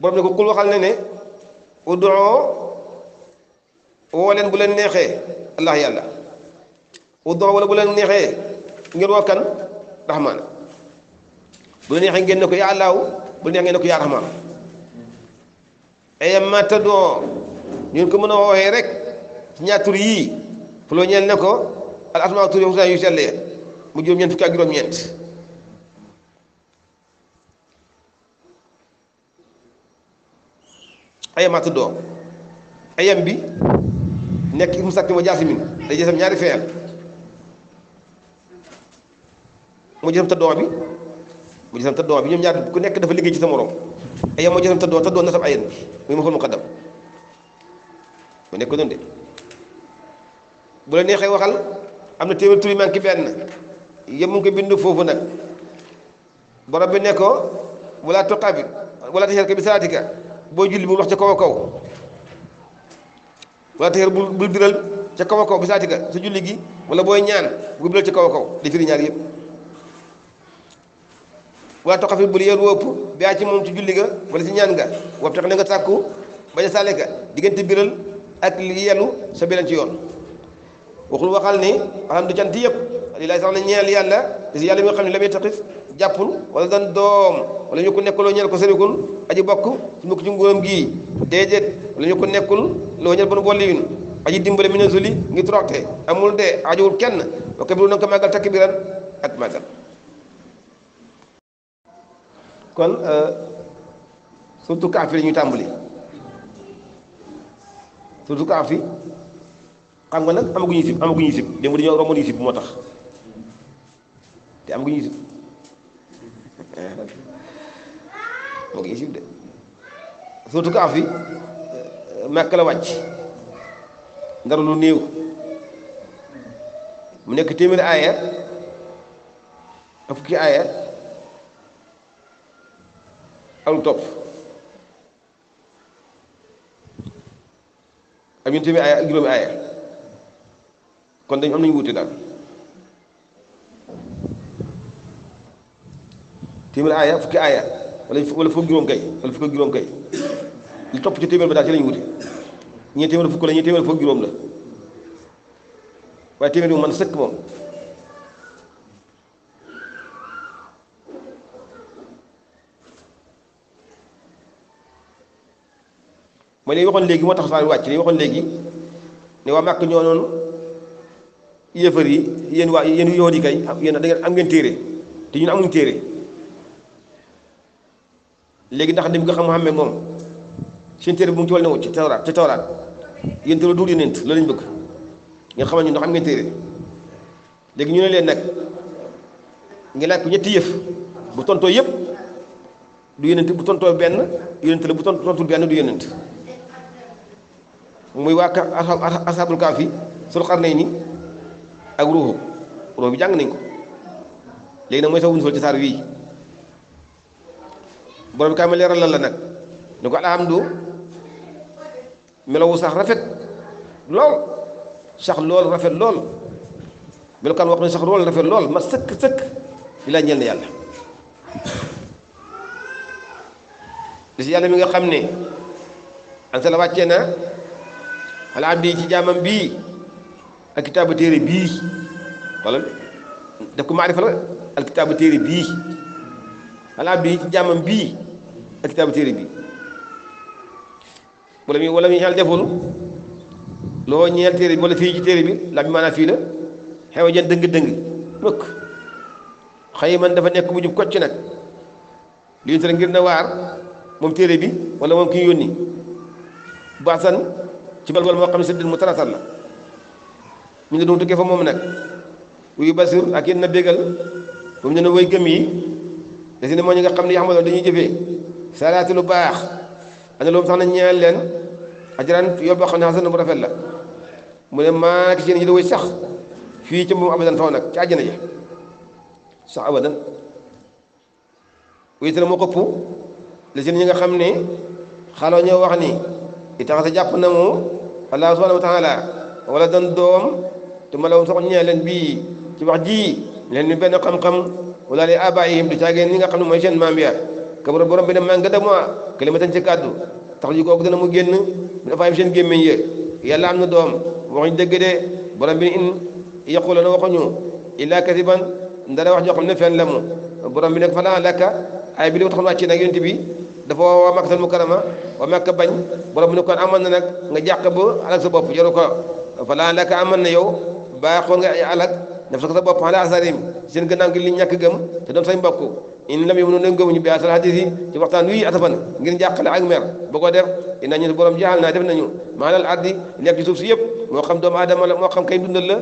Speaker 1: borom ne ko kul waxal ne ne ud'u len bu len allah yalla ud'u wala bu len neexee ngir woo kan rahmaana bu len neexee ngeen ne ko yaa bu len ya ngeen ko ayam ma tadoo ñun ko mëna wowe rek ci ñaar tur yii fuloo ñeel ne ko al asmaa tur yu xusnaa sellee mu juróom-ñeent fukki ak juróom-ñeent ayama tuddoo ayam bi nekk ismu sakkin wa jaasimin day jësam ñaari feel moo jësam tëddoo bi mu jësam tëddoo bi ñoom ñaar ku nekk dafa liggéey ci sa morom ayam moo jësam tëddoo tëddoo na sab ayan bi muy ma ful muqaddam mu nekk ko bu la neexee waxal am na téeméer tur yi manqué benn yëpp ya mu ngi ko bind foofu nag borom bi ne ko wala tuqaabir wala taxeer ka bi salaatika boo julli bu wax ca kaw a kaw wala taxeer bu bul biral ca kaw a kaw bi salaatika sa julli gi wala booy ñaan bu biral ca kaw a kaw di firi ñaar yëpp wala tuqaabir bu yéen wópp bi ci moom ci julli ga wala ci ñaan nga wab tax ne nga sàkku bañ a sàlle ka diggante biral ak li yenu sa beneen ci yoon waxul waxal ni du jant yëpp lillahi sax na ñeel yalla bis yalla mi xamni lamay ne la wala dan dom wala ñu ko nekkul lo ñeel ko sërikul aji bokk ci mukk ci ngorom gi dedet wala ñu ko nekkul lo ñeel bon win aji dimbale min ne zuli ngi troxte amul de wul kenn wa kabiru nanga ko magal takbiran ak magal kon eh, surtout kafir ñu tambali surtout kafir xam nga nag amaguñu sib amaguñu sib moo tax te amaguñu sib amaguñu de surtout que yi euh, màkk la wàcc ndara néew mu nekk téeméeri aaya ak fukki aaya ak lu topp ak ñun téeméeri aaya ak aaya kon dañu am nañu wuute daal téeméer aaya fukki aaya wala wala fukk kay wala fukk juróom kay li topp ci téeméer ba daal ci lañu wuute ñii téeméer fukk la ñii téeméer fukk juróom la waaye téeméer bi moo tax saa yu wàcc li waxoon léegi ne waa màkk ñoo noonu yéefar yi yéen waa yéen yow yi kay yenn da ngeen am ngeen téere te ñun amuñ téere léegi ndax dem ko xam Muhammad moom seen téere bu mu ci wal ci tawraat ci tawraat yéen téere duul yonent loolu lañ bëgg ngeen xamal ñun téere léegi ñu leen nag ngeen laaj ko ñetti yëf bu tontoo yëpp du yonent bu tontoo benn yonent la bu tontul benn du yonent muy waa ashabul kaafi sul xarnayni ak ruhu ruhu bi jang nañ ko legi nak moy sa wunsul ci sar wi borom kam leral la nak ni ko alhamdu melowu sax rafet lol sax lol rafet lol bil kan ne sax lol rafet lol ma sëkk sëkk ila ñel na bis yalla mi nga xamne an sa na ala abdi ci jamam bi al téere bii xoolal daf ko maarifa la al kitaabu téere bii xanaa bii ci jàmmam bii al kitaabu téere bii wala muy wala defoonu loo ñeel téere bi wala fii ci téere bi la bi maanaam fii la xew a jën dëng-dëng rëkk xëy man dafa nekk mu jub kocc nag li ñu ngir na waar moom téere bi wala moom ki yónni baasan ci balbal moo xam ne sëddin mu taratal la ñu ne doo tukkee na bégal moom ne na way gëm yi moo ñi nga xam ne yaxamaloon dañuy jëfee salaati lu baax ana sax na ñeel leen ajaraan yool boo rafet la mu ne maa gis sax fii ci moom abadan faw nag ci àjjana ji sax abadan wuyu te ne la si ñi nga xam ne xaaloo ñoo wax ni i jàpp na mu allah subhanahu wa taala dan doom tɩ malawsg yẽ len bɩ tɩ bg dɩ len bɛn kam-kam wala le abaihim tɩ taage ninga kam ma sẽn maam yaa kabra borom bɩ mangda moa kelma tɩn tɩ kaddo tag yik ogdana mu genn bɩ faam sẽn gem n ye yalla am ne doom wag degde borom bɩ in yaqulana waq yõ illa kadiban ndara wax joxam ne fen lamu borom bɩ nek fala laka ay bi li taxna wàcce nag yonte bi dafa waa makkatal mukarama wa makka bañ borom bi ne kon amal na nag nga jàq ba alak sa bopp jaru ko fala laka amal na yow bàyyi xool nga ay alak def sa ko sa ala azarim seen gannaaw gi li ñak gëm te doon say mbokk in lam ne nañ ñu bi asal hadisi ci waxtan wi atafan ngir jaxal ak mer bu ko def ina ñu borom jaxal na def nañu maanaam addi nek ci suuf si yëpp moo xam doom adam la mo xam kay dundal la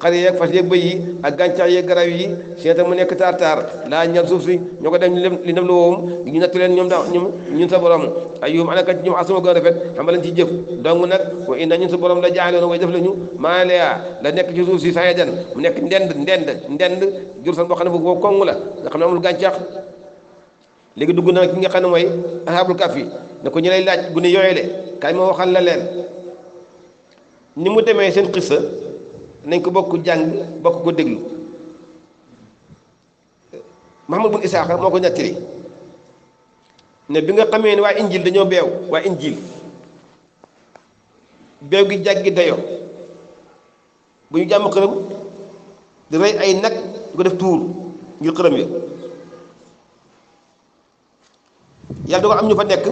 Speaker 1: xar yeeg fas yeeg bëy yi a gàncax yeeg garab yi seeta mu nekk taar taar laa ñal suuf si ñoo ko dem li dem lu woowum ñu nattu leen ñoom daa ñum ñun sa borom ayum ana kan ci ñoom asuma gën a rafet xam nga lañ jëf donc nag wa inna ñun sa borom la jaaloona way def lañu maa laya la nekk ci suuf si mu nekk ndend ndend ndend jur san boo xam ne bu la nga xam ne amul léegi dugg na ki nga xam ne mooy ashabul kahfi ne ko ñu lay laaj gune yooyule kaay ma waxal la leen ni mu demee seen xissa nañ ko bokk jàng bokk ko déglu Muhammad bun Isaaxa moo ko nettali ne bi nga xamee ne waa injil dañoo beew waa injil beew gi jàggi dayo bu ñu jàmm xërëm di rey ay nag di ko def tuur ngir xërëm ya yàlla da ko am ñu fa nekk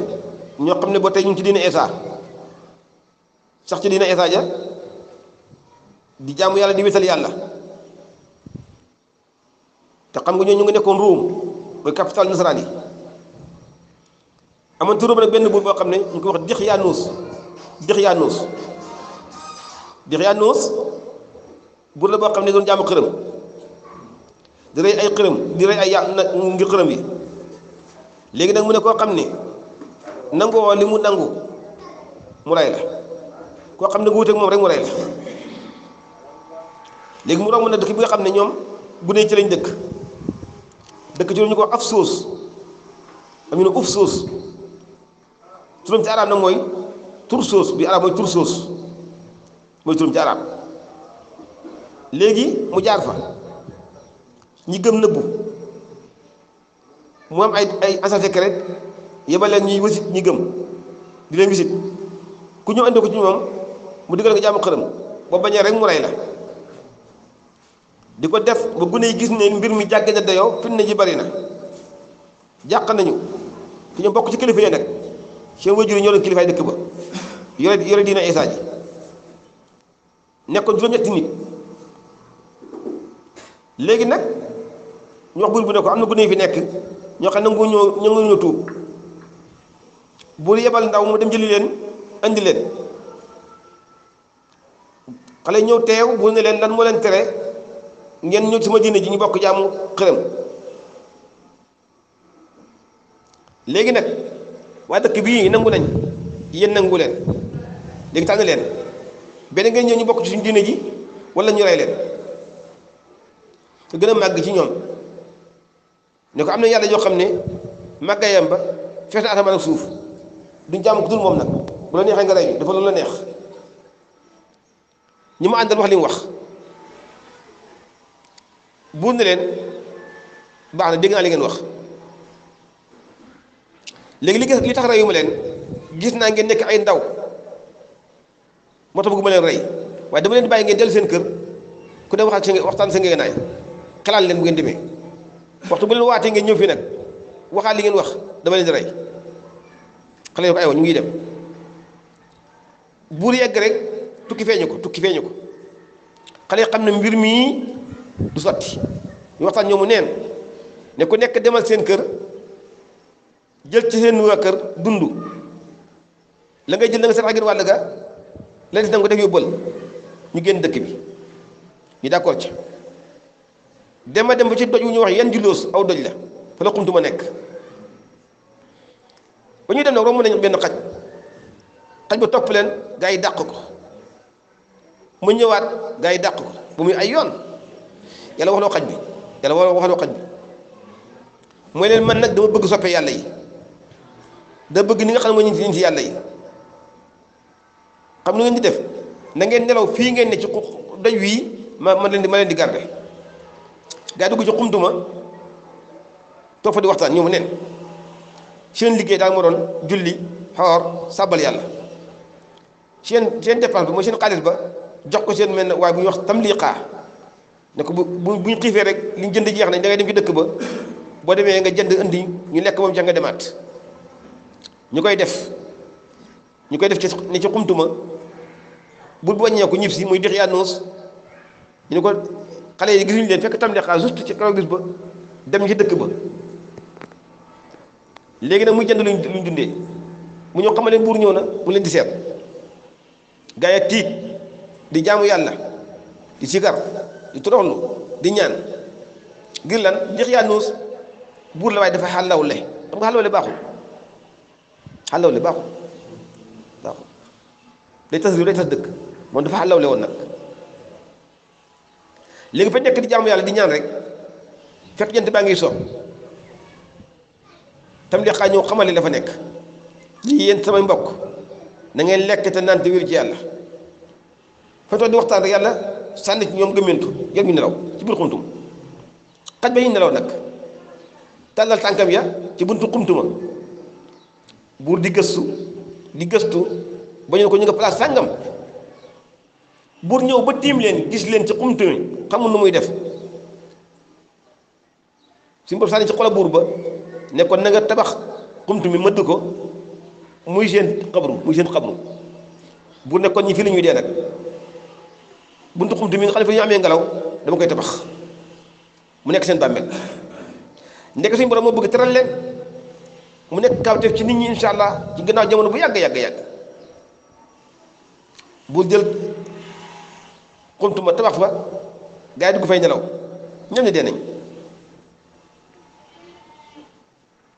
Speaker 1: ñoo xam ne ba tey ñu ngi ci diina Isaa sax ci diina Isaa ja di jamu yalla di wétal yalla te xam nga ñu ngi nekkon room mooy capital nasaraan amon turu nak benn buur bo xamne ñu ko wax Dexyanuus Dexyanuus Dexyanuus buur la bo xamne doon jamu xërem di ray ay xërem di ray ay ya, ngi xërem yi legi nak mu ne ko xamne nango limu woo mu nangu mu rey la ko xamne ne nga wuteeg moom rek mu ray la léegi mu romb a dëkk bi nga xam ne ñoom bu dee ci dëkk dëkk ci lañu ko af soos am ñu ne uf suus turam ci arab nag mooy tur soos bi arab mooy tur suus mooy turam ci arab léegi mu jaar fa ñi gëm nëbbu mu am ay ay agent secret yebal ñuy wasit ñi gëm di leen wisit ku ñëw andi ko ci moom mu digal ko jaamu xërëm boo bañee rek mu rey la di ko def ba gune yi gis ne mbir mi jàgg yow dayoo na ji bari na jàq nañu te ñoom bokk ci kilifa yi nag seen wajur ñoo doon kilifaay dëkk ba yore yore diina Isaa ji nekkoon juróom-ñetti nit léegi nag ñu wax buur bi ne ko am na gune yi fi nekk ñoo xam ne nangu ñoo nangu ñoo tuub buur yebal ndaw mu dem jëli leen andi leen xale ñëw teew buur ne leen lan moo leen tere ngeen ñëw sama diine ji ñu bokk jaamu xërëm léegi nag waa dëkk bii nangu nañ yéen nangu leen léegi tànn leen beneen ngeen ñu bokk ci suñu diine ji wala ñu rey leen te gën a màgg ci ñoom ne ko am na yàlla joo xam ne màggayam ba fees na asamaan ak suuf du jaamu ku dul moom nag bu la neexee nga rey dafa loolu la neex ñi mu àndal wax li mu wax buur na leen baax na dégg naa li ngeen wax léegi li li tax reyuma leen gis naa ngeen nekk ay ndaw moo tax bëgguma leen rey waaye dama leen bàyyi ngeen dellu seen kër ku dem waxtaan sa waxtaan sa ngeenaay xalaat leen bu ngeen demee waxtu bu leen waatee ngeen ñëw fii nag waxaat li ngeen wax dama leen rey xale yoo ko aywa ñu ngi dem buur yegg rek tukki feeñu ko tukki feeñu ko xale xam ne mbir mii du soti ñu waxtaan ñoomu neen ne ku nekk demal seen kër jël ci seen wa kër dund la ngay jël na nga seet agir wàll ga la des na nga def yóbbal ñu génn dëkk bi ñu d'accord ci dema dem ba ci doj ñu wax yan julloos aw doj la fa la xumtuma nekk ba ñu dem nag romb nañ benn xaj xaj ba topp leen gaa yi dàq ko mu ñëwaat gaa yi dàq ko bu muy ay yoon yàlla waxloo xaj bi yàlla waxloo xaj bi mooy leen man nag dama bëgg soppe yàlla yi da bëgg ni nga xam ne mooy ñu ci yàlla yi xam nu ngeen di def na ngeen nelaw fii ngeen ne ci doj wii ma ma leen di ma leen di garde gaa dugg ci xumtuma toog fa di waxtaan ñoom neen seen liggéey daal moo doon julli xoor sàbbal yàlla seen seen dépense bi mooy seen xaalis ba jox ko seen mel waaye bu ñuy wax tam ne ko bu bu ñu xiifee rek li jënd jeex nañ da dem ci dëkk ba boo demee nga jënd indi ñu lekk ba mu jeex nga demaat ñu koy def ñu koy def ci ne ci xumtuma bu wàññeeku ñib si muy dixi annonce ñu ne ko xale yi gisuñu leen fekk tam leqaa juste ci kaw gis ba dem ci dëkk ba léegi nag muy jënd luñ luñ dundee mu ñoo xamaleen buur ñëw na mu leen di seet gaa tiit di jaamu yàlla di sikar di turoxlu di ñaan ngir lan jeex yaa nuus buur la dafa xàllawle xam nga xàllawle baaxul xàllawle baaxul baaxul day tas day tas dëkk moom dafa xàllawle woon nag léegi fa nekk di jaamu yàlla di ñaan rek fekk jant baa ngi so tam li xaa ñëw xamale dafa nekk lii yéen samay mbokk na lekk te naan te wér ci yàlla fa di waxtaan rek yàlla sànni ci ñoom gëmmentu yéen ñu nelaw ci biir xuntum xaj ba ñu nelaw nag tàllal tànkam ya ci buntu xumtuma buur di gëstu di gëstu ba ñu ne ko ñu nga place sàngam buur ñëw ba tiim leen gis leen ci xumtu mi xamul nu muy def suñu bopp sànni ci xola buur ba nekkoon ko na nga tabax xumtu mi mëdd ko muy seen xabru muy seen xabru buur ne ñi fi la ñuy dee nag buntu xub du min xalifa ñu amee ngelaw dama koy tabax mu nekk seen bàmmeel ndekk suñu borom moo bëgg teral leen mu nekk kawteef ci nit ñi insha allah ci gannaaw jamono bu yàgg yàgg yàgg bul jël xuntuma tabax fa gaa yi dugg fay nelaw ñoom ñu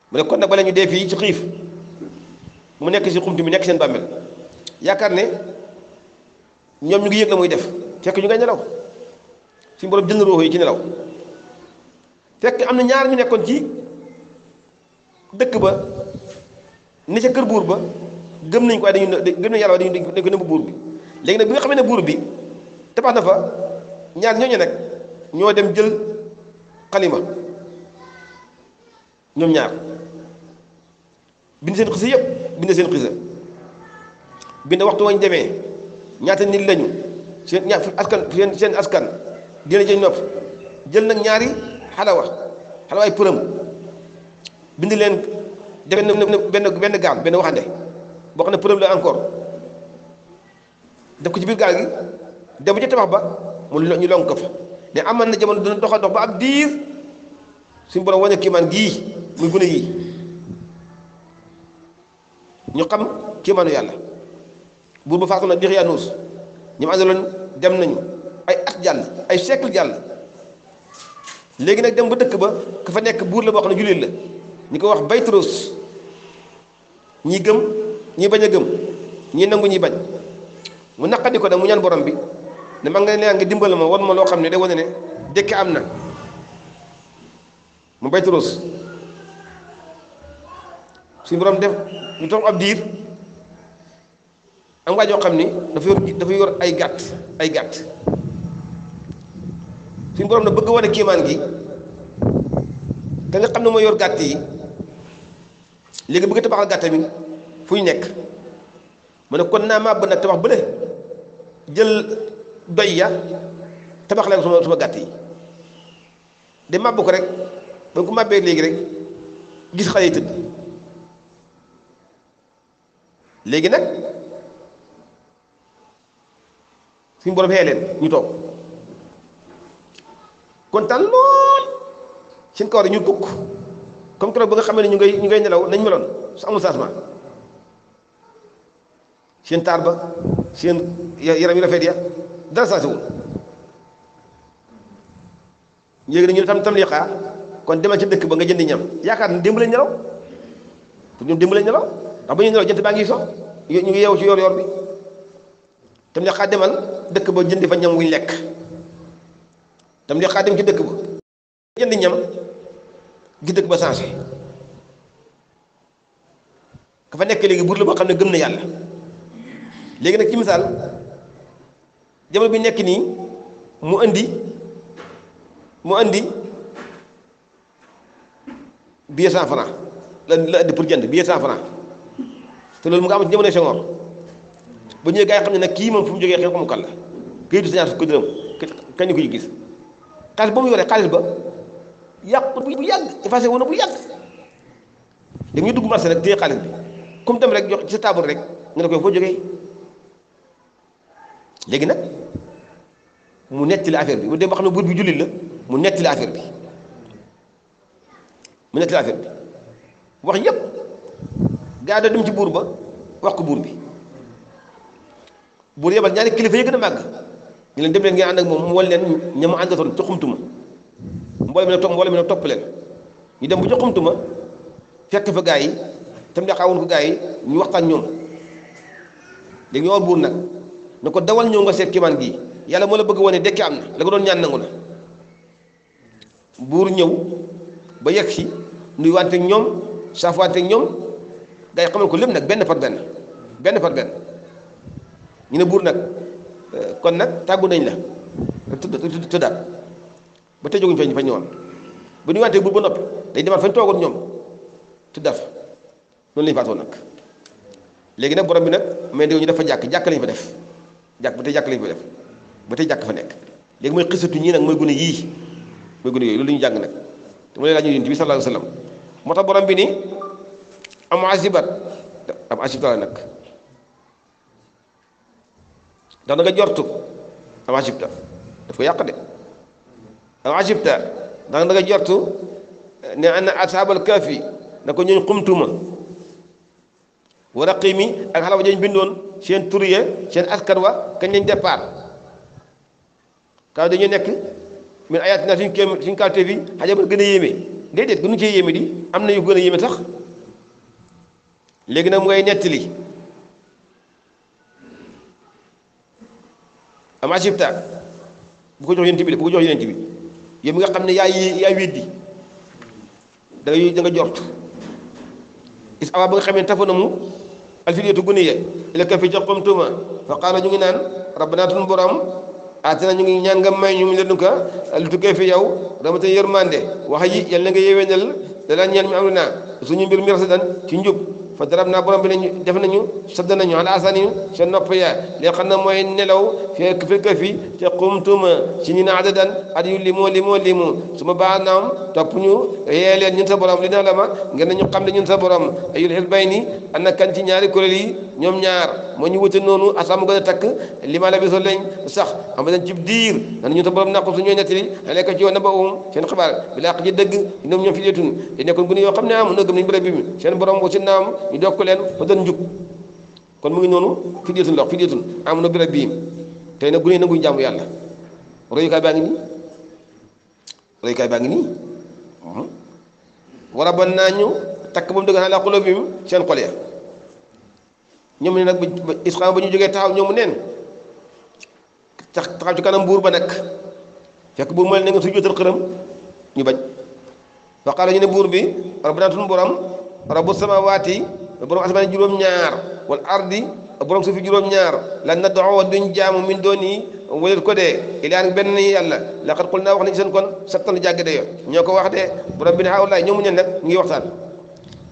Speaker 1: mu ne nag bala ñu fii ci xiif mu nekk si xumtu mi nekk seen bàmmeel yaakaar ne ñoom ñu ngi yëg la muy def fekk ñu ngay nelaw suñu borom jënd ruux yi ci nelaw fekk am na ñaar ñu nekkoon ci dëkk ba ni ca kër buur ba gëm nañ ko waaye dañu gëm nañ yàlla waaye dañu dañ ko nëbb buur bi léegi nag bi nga xamee ne buur bi tabax na fa ñaar ñooñu nag ñoo dem jël xalima ñoom ñaar bind seen xisa yëpp bind seen xisa bind waxtu wañ demee ñaata nit lañu seen ña askan seen seen askan dina jëñ nopp jël nag ñaari xalawa xalawaay përëm bind leen benn benn gaal benn waxande boo xam ne përëm la encore def ko ci biir gaal gi dem ci tabax ba mu ñu lonk ko fa ne amal na jamono dina doxa dox ba ab diir suñu borom wane kiimaan gii muy gune yii ñu xam kiimaanu yàlla buur ba faatu na diix yaa nuus ñi ma àndaloon dem nañu ay at jall ay siècle jall léegi nag dem ba dëkk ba ka fa nekk buur la boo xam ne jullit la ñi ko wax baytros ñi gëm ñi bañ a gëm ñi nangu ñi bañ mu naqadi ko nag mu ñaan borom bi ne ma nga ne nga dimbal ma wan ma loo xam ne day wane ne dëkk am na mu baytros suñu borom def ñu toog ab diir am waajoo xam ni dafa yor dafa yor ay gàtt ay gàtt suñu borom na bëgg a wane kéemaan gi te nga xam ne mooy yor gàtt yi léegi bëgg tabaxal gàtt mi fu ñu nekk mu ne kon naa màbb nag tabax bële jël doy ya tabax leen suma gàtt yi de màbb ko rek ba ko màbbee léegi rek gis xale yi tëdd léegi nag suñu borom xee leen ñu toog tan lool seen kawar ñu kukk comme keroog ba nga xamee ne ñu ngay ñu ngay nelaw nañ meloon su amul changement seen taar ba seen ya, yaram yi rafet ya dara changé wul léegi ñu tam tam liqaa kon demal ci dëkk ba nga jëndi ñam yaakaar ne démb lañ nelaw pour ñoom démb lañ nelaw ndax ba ñu nelaw jant baa ngi so ñu ngi yow ci yor yor bi tam li xaa demal dëkk ba jëndi fa ñam wuñ lekk tam li xaa dem ci dëkk ba jëndi ñam gi dëkk ba changé ka fa nekk léegi buur la boo xam ne gëm na yàlla léegi nag ci misaal jamono bi nekk nii mu indi mu indi billet cent franc la la indi pour jënd billet cent franc te loolu mu nga am ci jamono ba ñëwee gaa yi ne nag kii moom fu mu jógee xew ko mu kan la këyitu sa ñaar fukki dërëm kañ ñu koy gis xaalis ba mu yoree xaalis ba yàq bu yàgg effacé woon na bu yàgg da ñu dugg ci sa rek nga ne koy foo jógee léegi nag mu nettali affaire bi mu ne buur bi jullit la mu nettali affaire bi mu nettali affaire bi wax yëpp gaa da dem ci buur ba wax ko buur bi buur yebal ñaari kilifa yi gën mag màgg ñu leen dem leen ngeen ànd ak moom mu wal leen ña mu àndatoon ca xumtuma mboolem mi ne topp mboolem mi ne topp leen ñu dem bu ca fekk fa gaa tam de xawoon ko gaa yi ñu waxtaan ñoom léegi ñoo buur nag ne dawal ñëw nga seet kimaan gii yàlla moo la bëgg wane am na la nga doon ñaan nangu na ba yegg si nuy wante ñoom saafuwante ñoom gaa xamal ko lépp nag benn par benn benn par benn ñu ne buur nag euh, kon nag tàggu nañ la tudd tuddaat ba tey jóguñu fañ fañ ñëwoon bu ñu wantee buur ba noppi day demaat fañ toogoon ñoom tuddaat fa noonu lañu faatoo nag léegi nag borom bi nag mais dégg ñu dafa jàkk jàkk lañu fa def jàkk ba tey jàkk lañu fa ba tey jàkk fa nekk léegi mooy xisatu ñii nag mooy gune yii mooy gune yooyu loolu ñu jàng nag te mu ne laa ñu yonent bi sallallahu alayhi wa moo tax borom bi nii am asibat am asibtala nag ndax da nga jortu aw ajibta daf ko yàq de aw ajibta ndax da nga jortu ne ana ashaabal kaafi na ko ñooñ xumtuma wa raqimi ak xalawa jañ bindoon seen tur ya seen askan wa kañ lañ départ kaw dañu nekk min ayat na suñ kéem suñ kawtee fi xajabal gën a yéeme déedéet gënu cee yéeme di am na yu gën a yéeme sax léegi nag mu ngay nettali am asibta bu ko jox yonent bi bu ko jox yonent bi yow mi nga xam ne yaay yaay weddi da ngay da nga jort is awaa ba nga xamee tafa na mu alfiliyatu guni ye ilaka fi joxam tuuma fa ñu ngi naan rabbana tun borom aatana ñu ngi ñaan nga may ñu leen ko lu tukkee fi yow ramata yërmande wax yi yal na nga yéwénal da la ñaan mi am naa suñu mbir mi rasadan ci njub فضربنا بهم دفننا سدنا على اذانهم شنو فيا لقنا موي نلو في كفي كفي تقومتم سنين عددا ادي ليمو ليمو ليمو ثم بعدهم نعم. تقنيو ريال نين سا بروم لينا لما غن نيو خامل نين سا بروم اي الحلبيني ان كان تي نياري كولي نيوم نيار مو ني ووتو نونو اسام غدا تاك لما لا بيسو لين صح ام دان جبدير نان نيو تبروم ناكو سو نيو نياتلي عليك جو نباوم سين خبار بلا خجي دغ نيوم نيو فيتون دي نيكون بني يو خامني ام نو نعم. غم نيو بروم بي سين بروم بو سين نام ñu dokk leen ba doon njub kon mu ngi noonu fidyatun lox fidyatun am na bi rabbihim tey nag na nanguñu jaamu yàlla royukaay baa ngi nii royukaay baa ngi nii mhm. wara ban naa ñu takk ba mu dëgg naa laa xulóo bi seen xol nag ba isxaam ñu jógee taxaw ñoomu neen tax taxaw ci kanam buur ba nekk fekk buur ma ne nga su jootal xërëm ñu bañ fa qaala ñu ne buur bi rabbana tun borom rabbu samawaati borom asamaan juróom ñaar wal ardi borom suufi juróom ñaar lan nad'u wa duñ jaamu min doni wala ko de ilaan benn yàlla laqad qulnaa wax nañ seen kon sattan lu jàgg de yo ñoo ko wax de borom bi ne haawulaay ñoomu ñen nag ngi waxtaan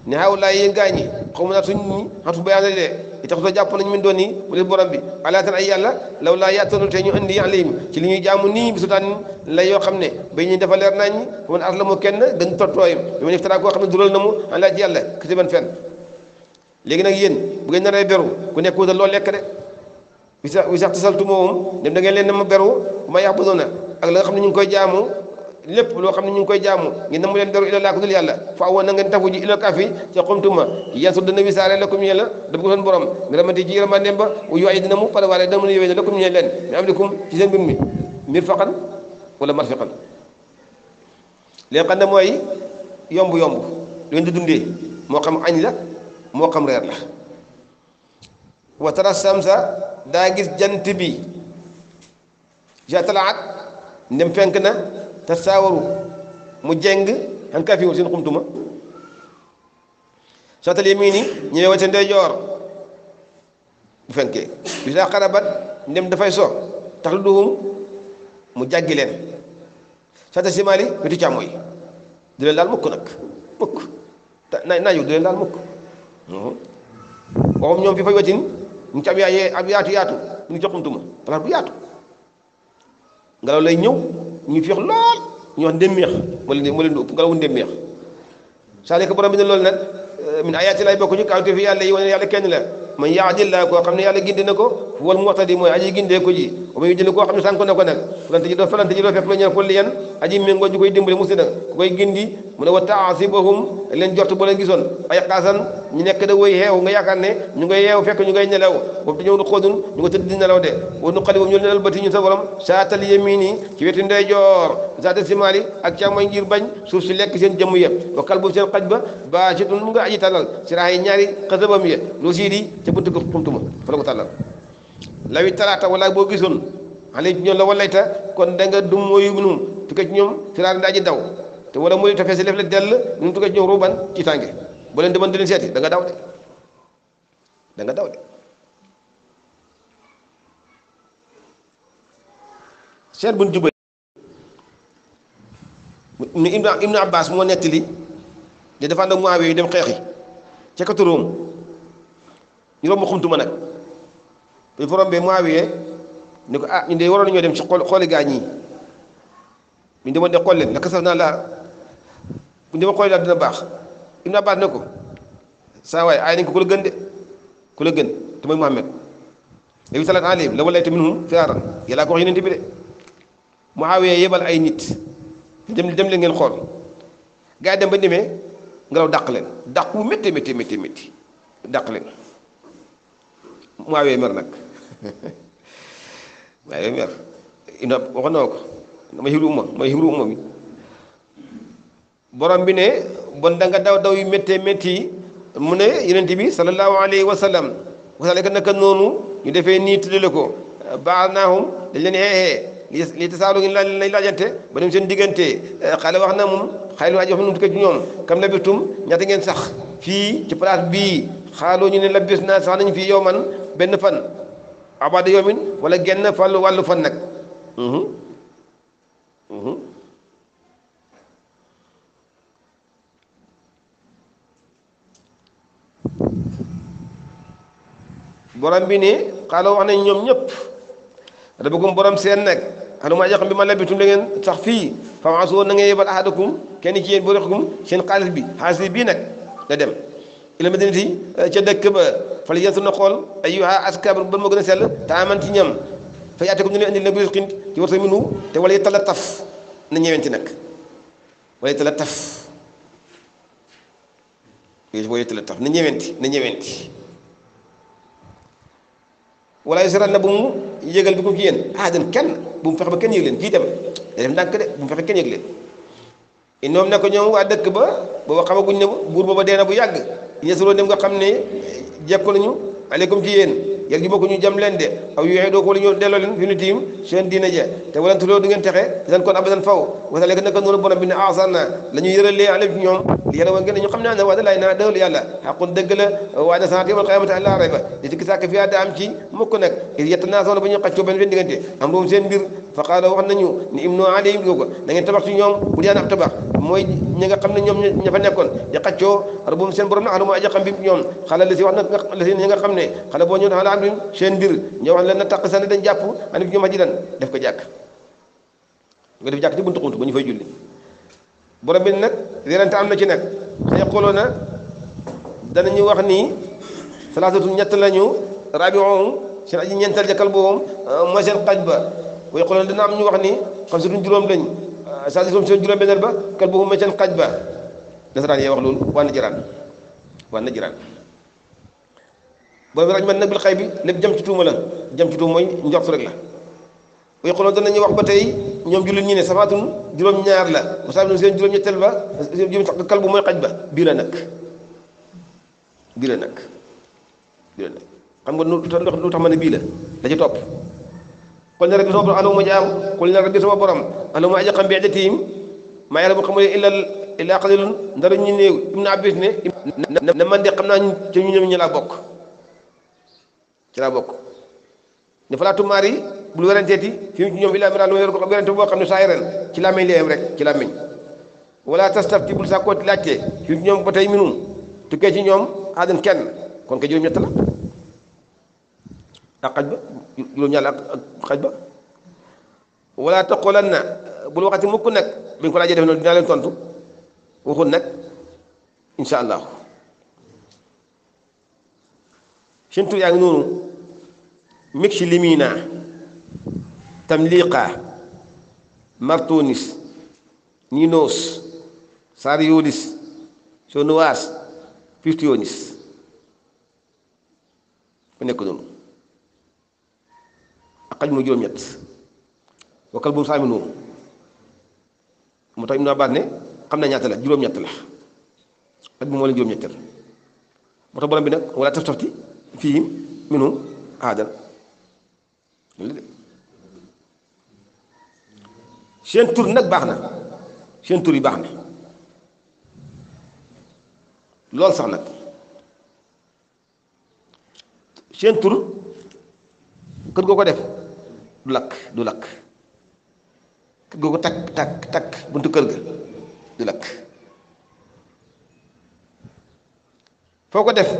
Speaker 1: ne haawulaay yéen gaañ ñi xaw naa suñ ñi xam su bayaan de i tax jàpp nañ min doni wala borom bi ala tan ay yàlla law laa yaatanu te ñu indi alayhim ci li ñuy jaamu ni bi sultan la yoo xam ne ba ñuy dafa leer nañ fa man aslamu kenn dañ tottooyam bi ma def ko koo xam ne dural na mu an ci yàlla kisi ban fenn léegi nag yéen bu ngeen naree beru ku nekk wutal loo lekk de wi sax tasaltu moom dem da ngeen leen na ma beru ma yàq bu doon ak la nga xam ne ñu ngi koy jaamu lépp loo xam ne ñu ngi koy jaamu ngeen na mu leen beru laa ko yàlla fa awoon na ngeen tafu ji ila kaafi ca xomtuma yansu dana wisaare la comme borom mi ramati ji ramandeem ba yu ay dina mu pare waale dana mun yowee la comme leen mi am likum ci seen mbir mi mirfaqan wala marfiqan li nga xam ne mooy yomb yomb lu ngeen di dundee moo xam añ la moo xam reer la wa samsa daa gis jant bi ja talaat ndem fenk na te saawaru mu jeng xan kaa fiwul seen xumtuma satal yamini ñëwee wa ca ndeyjoor bu fenkee bi saa xarabat ndem dafay so tax lu duhum mu jàggi leen satal simali wetu càmmoy du leen laal mukk nag mukk naa naa yëg du leen laal mukk Mhm. waxum ñoom fi fay watin ñu ci ab yaay ab yaatu yaatu ñu joxumtuma place bu yaatu ngelaw lay ñëw ñu féex lool ñu wax ndémmeex moo leen moo leen di ëpp ngelawu ndémmeex saa ko borom bi ne loolu nag euh, min ayaati lay bokk ñu kawte fi yàlla yi wane yàlla kenn la man yaadil la koo xam ne yàlla gindi na ko wal muwaxtadi mooy aji gindee ko ji wa man yudil koo xam ne sànk na ko nag fulantaji ɗo felantaji ɗo fekloña kolli en aji min goji koy dimbali musidɗa koy gindi mune wa taasibahum len jortu bo len gison ay qasan ñu nek da way heew nga yakane ñu ngay yeew fek ñu ngay nelaw bu dañu ñu xodun ñu nga tëdd di nelaw de wonu xali ñu ñelal bati ñu sa borom saatal yamini ci wetu ndey jor zaata simali ak ci amay ngir bañ suuf ci lek seen jëm yeb wa kalbu seen xajba ba baajitun mu nga aji talal ci raay ñaari xasabam ya lu siidi ci buntu ko xumtuma fa la ko talal lawi talaata wala bo gisun alay ci ñoom la wallayta kon da nga dum mooyu num tukkee ci ñoom firaan daa ji daw te wala mooy te fees lef la dell num tukkee ci ñoom ruuban ci tànge bu leen demoon di leen seeti da de da nga daw de seet buñ moo nettali di dafa ànd ak Muawiya yu dem xeexi ca Room ñu romb xumtuma nag bu ñu fa rombee نكو اه ني دي وارون نيو ديم سي خول خول غاني مي ديما دي خول لين كسرنا لا بني ما خول لا دنا باخ ابن عباس نكو سا واي اي نكو كولا گند كولا گن تماي محمد نبي صلى الله عليه وسلم لو ليت منهم فيارا يلا كو ينتبي دي معاويه يبل اي نيت ديم ديم لي نين خول غا ديم با ديمي ngalaw dak len dak mu metti metti metti metti waaye weer ina waxoon na ko damay xibru uma damay xibru uma bi borom bi ne bon da daw daw yu méttee métti mu ne yonent bi sallallahu alayhi wa sallam wasaalika naka noonu ñu defee nii tuddale ko baax naahum dañ leen xeexee li tasaalu lañ laajante ba dem seen diggante xale wax na moom xale wax nu ko ci ñoom kam labistum ñaata ngeen sax fii ci palaat bii xaaloo ñu ne labis sax nañ fii yow man benn fan abada yoomin wala genn fàllu wàllu fan nag mm-hmm. Mm-hmm. borom bi ne xaaloo wax na ñoom ñëpp rabbukum borom seen nag xanuma yaqam bi ma labitum la ngeen sax fii fam asoo na ngeen yebal ahadakum kenn ci yéen bu rexukum seen xaalis bi xaalis bi bii nag da dem الى مدينه تي أه، دك با أه، فلي ياتنا خول ايها اسكاب بن مغن سل تامنتي نيام فياتكم ني عندي نبي خين تي ورتي منو تي ولي تلطف نيوينتي نك ولي تلطف يس ولي تلطف نيوينتي نيوينتي ولا يسر لنا بوم ييغال بكو كيين ادن كان بوم فخ با كان يغلن كي دم دم دانك بوم فخ كان يغلن انهم نكو نيو وا دك با بو خما غن نبو بور بابا دينا بو يغ yeesaloo dem nga xam ne jekko lañu aleykum ci yéen yeg bokku ñu jam leen de aw yoxe doo ko wala ñu delloo leen fi nu tiim seen diine ja te walantuloo du ngeen texe seen kon abadan faw wasaleqka naka noonu bonam bi ne ahsan na la ñu yëralee ale ci ñoom لينا وانجنا يقمنا نعم، أن هذا لا ينادل يلا أقول دقل وعند سانك يوم القيامة على ربع يتك ساك في هذا أمشي مكنك إذا تناسون بني قشوب بن بن دكتي أمرو زين بير فقال هو أنني نيمنو عليه يوم نعند تبع سنيوم بدي أنا تبع موي نيجا قمنا يوم نفنا كون يقشو ربوم سين برونا على ما أجا قم بيوم خلا لسي وانا لسي نيجا قمنا خلا بونيون على عمرو زين بير نيوان لنا تقصان دن جابو أنا بيوم أجيلان دفك جاك غير جاك تبون تكون تبون يفجولي borom bi nag werante am na ci nag xëy xooloo na danañu wax ni salaasatu ñett lañu rabi'uhum seen aji ñeenteel ja kalbuhum mooy seen xaj ba waaye xooloo dana am ñu wax ni xamsatun juróom lañ saadisatuhum seen juróom benneel ba kalbuhum mooy seen xaj ba nasaraan yee wax loolu waa najraan waa najraan borom bi raj man nag bil xay bi lépp jëm ci tuuma la jëm ci tuuma mooy njort rek la way xooloo danañu wax ba tey ñoom jullit ñi ne safaatun juróom-ñaar la wasaabi seen juróom-ñettel ba seen juróom kal bu mooy xaj ba bii la nag bii la nag bii la nag xam nga nu tax ma ne bii la da ci topp xul ne rabbi sama borom alawma jaam xul ne rabbi sama borom alawma aja xam bi ajatihim maa yàlla bu xamul illa illa qalilun ndara ñu néew ibnu abbas ne na man de xam naa ci ñu ñoom ñu laa bokk ci laa bokk ne falaatu maari bul weranteeti fi mu ci ñoom illaa miran werante boo xam ne saa ren ci làmmiñ leeyam rek ci làmmiñ wala tastafti bul saa kooti laajte fi ci ñoom ba tey minum tukkee ci ñoom adan kenn kon ke juróom-ñett la ak xaj ba juróom-ñaar ak xaj ba wala taqulanna bul waxati mukk nag bi ñu ko laajee def noonu dinaa leen tontu waxul nag insha allah sintu yaa ngi noonu mig si limi tamliqa martonis ninos sariolis sonoas piftionis mu nekk noonu ak xaj mu juróom-ñett wakkal bu mu moo tax Ibnu Abbaas ne xam na ñaata la juróom-ñett la xaj bu moo leen juróom moo tax borom bi nag wala taf tafti fii minhum aadan loolu seen tur nag baax na seen tur yi baax na loolu sax nag seen tur kër goo ko def du lakk du lakk kër goo ko takk takk takk buntu kër ga du lakk foo ko def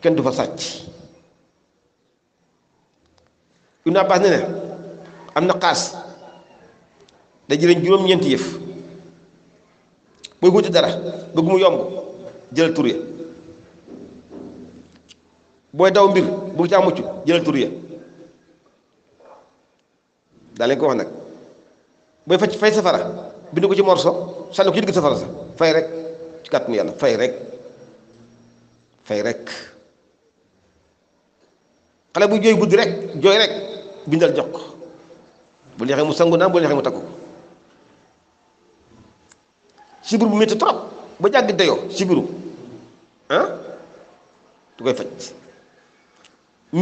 Speaker 1: kenn du fa sàcc Ibn Abbas ne am na xaas da jëriñ juróom-ñeenti yëf booy wuti dara bëgg mu yomb jëlal tur booy daw mbir bëgg caa mucc jëlal tur ya daa leen ko wax booy faj fay safara bind ko ci morso sànni ko ci digg safara sa fay rek ci kàttanu yàlla fay rek fay rek xale bu jooy guddi rek jooy rek bindal jox ko bu leexee mu sangu naan bu leexee mu takku ko sibiru bu métti trop ba jàgg dayoo sibiru ah da koy faj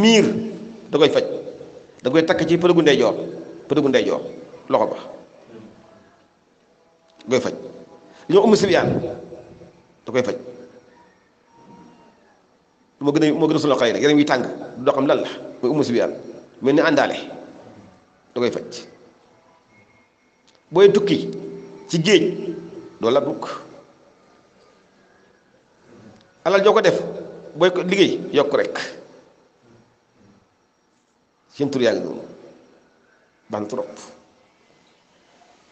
Speaker 1: miir da koy faj da koy takk ci përëgu ndeyjoor përëgu ndeyjoor loxo ba da koy faj li ñoo umu sibyaan da koy faj moo gën a moo solo xale rek yaram yi tàng du doo xam lan la mooy umu sibyaan mel ni àndaale da koy faj booy tukki ci géej doo la mukk alal joo ko def booy ko liggéey yokk rek seen tur yaa ngi baax na trop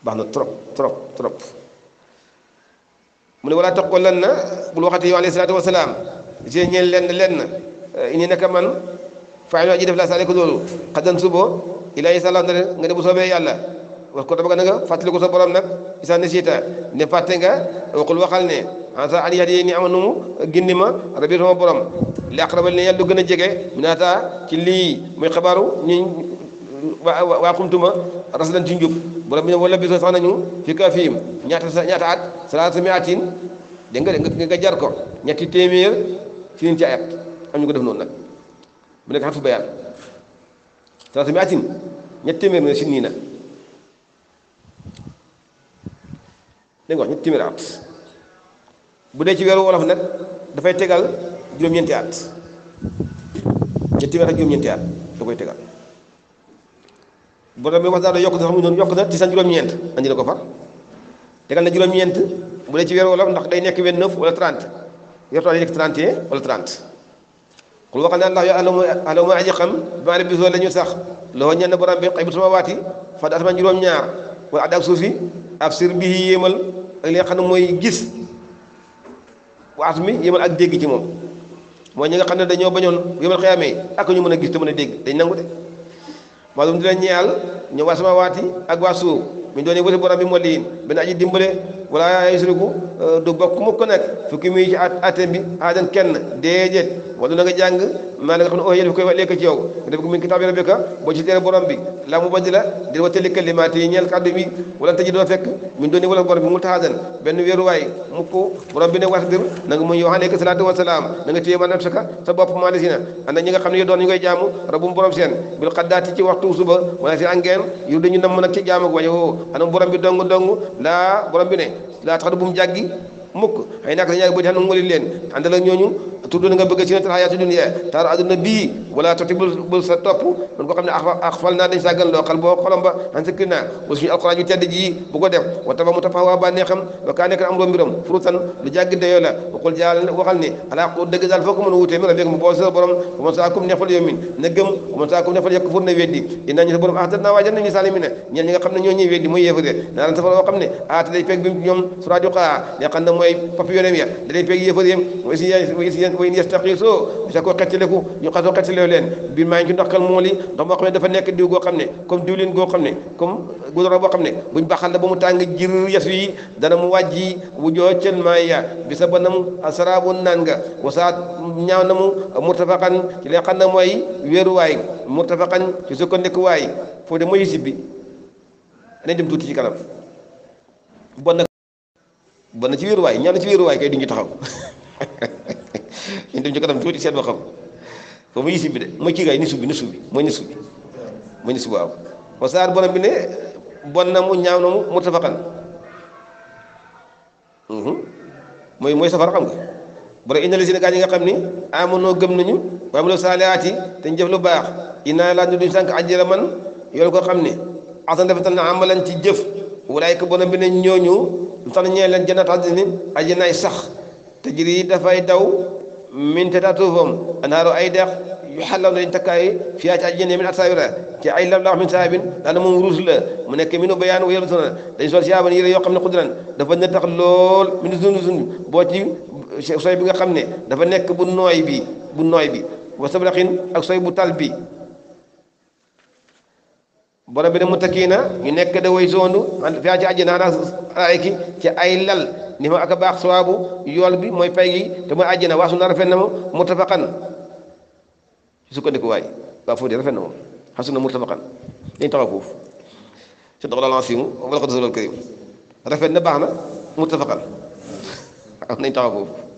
Speaker 1: baax na trop trop trop mu ne wala tax ko lan na bul waxati yow alayhi salaatu wasalaam ci ñeen lenn lenn eh, ini naka man faa ñu aji def laa sa ko loolu xaddan subo ilaa yi sa nga ne bu soobee yàlla war ko dama nga fàttali ko sa borom nag isa nasita ne fàtte nga waxul waxal ne ansa an yat yéy ni ma rabi sama borom li ne yàlla gën a jege mi naata ci lii muy xabaaru ñu waa xumtuma raslan ci njub borom bi ne wala biso sax nañu fi ka fiim ñaata ñaata at salaasa mi atin dégg nga jar ko ñetti téeméer ci leen ci ay at am ñu ko def noonu nag mu nekk xar fu bayaan salaasa mi atin ñetti téeméer ne si nii dañ ko wax ñetti téeméeri at bu dee ci weeru wolof nag dafay tegal juróom-ñeenti at ñetti téeméer ak juróom at da koy tegal borom bi wax daal yokk sax mu noonu yokk na ci san juróom ñent andi la ko far tegal na juróom ñent bu dee ci weeru wolof ndax day nekk 29 wala 30 yor taal nekk 31 wala 30 kul waxal naan ndax yow alamu alamu aji xam bisoo la ñu sax loo ñenn borom bi xay bu sama waati fa da sama juróom-ñaar wala addi ak suuf si ab bi yéemal ak li xam mooy gis waas mi yéemal ak dégg ci moom mooy ñi nga xam ne dañoo bañoon yéemal xëyamee ak ñu mën a gis te mën a dégg dañ nangu de maalum dina waa sama waati ak waa suuf min dooni wali borom bi moo liin benn aji dimbale wala ya yusriku du bokk mukk nek fukki mi ci atte bi adan kenn déedéet wala nga jàng ma la nga xam ne ooyel fi koy lekk ci yow def ko min kitab kitaabi rabbika bo ci téré borom bi la mu bandi la dil wa tëlli kalimaat yi ñel kàddu bi wala tëji do fekk min dooni wala borom bi mu taxaadan way wéeruwaay mukk borom bi ne wax dir nga mu yohane ka salatu wa salam nga téye man nafsaka sa bop ma lesina ànd ñi nga xamni yo doon ñi koy jaamu rabbum borom seen bil qaddati ci waxtu suba wala si angel yu dañu nam nak ci jaamu ak wajo xanam borom bi dong dong laa borom bi ne laa tax bu mu jàggi mukk xëy na ak nga bëgg ci ne xayaatu dunya taar bii wala toti bul sa topp man ko xam ne axfal naa dañ sàggan loo xal boo xolam ba xan sa kir naa wala suñu alquran yu tedd ji bu ko mu tafa waa bànnee xam wa kaa nekk am roo a yomin na gëm wa man saakum nefal yekk fur na weddi inaa ñu sa borom ahdat naa waajal nañu na ñeen ñi nga xam ne ñoo ñuy weddi muy yéefare naa leen mooy papillonam ya da leen peeg yëfar yam wayn yastaqiisoo sa ko xettaleku ñu xasoo xettalew leen biir maa ngi ci ndoxkal mool ndox moo xam ne dafa nekk diw xam ne comme diwlin goo xam ne comme gudoro boo xam ne buñ baxal ba mu tàng jir yas yi dana mu wàjji wu joo cël maay ya bi sa ba na asaraabu naan nga wasaat ñaaw na mu murtafaqan ci li nga xam ne mooy wéeruwaay murtafaqan ci sukkandikuwaay foofu de mooy sibbi nañ dem tu ci kanam bon ba ci wéeru way ñal ci wéeru way kay duñu taxaw ñu dem ci kanam tuuti seet ba xam fa mu yisi bi de mo kii gay ni subi ni subi mo ni subi mo ni subi waaw saar bonam bi ne bon na mu ñaaw na mu mutafaqan moy mhm. moy safar xam nga bu re inal gaa ñi nga xam ni amono gem nañu wa mu salati te ñu jëf lu baax ina la ñu duñ sank ajjala man yol ko xam ni asan defal na amalan ci jëf walaayka borom bi ne ñooñu lu tax ñee leen jannat adnin ajanaay sax tajri dafay daw min tahtihaa suufam anhaaru ay dex yu xàllaw nañ takkaay fiyaa ci ajjane min asaawira ci ay lam laax min saabin daana moom ruus la mu nekk minu bayaan wa yelutuna dañ sol siyaaban yére yoo xam ne xudran dafa ne tax lool min zun zun boo ci sooy bi nga xam ne dafa nekk bu nooy bi bu nooy bi wa sabraqin ak sooy bu tal bi borom bi ne muttakiina ñu nekk da way zondu fiyaa ci àjjana ala araa'iki ci ay lal ni ma ak a baax sawaabu yool bi mooy pay gi te mooy àjjana waasu na rafet na moom muttafaqan sukkandiku waay waa foofu de rafet na moom xasu na muttafaqan dañu taxaw foofu si dox daal ansimu wala ko dosalol karim rafet na baax na muttafaqan am nañ taxaw foofu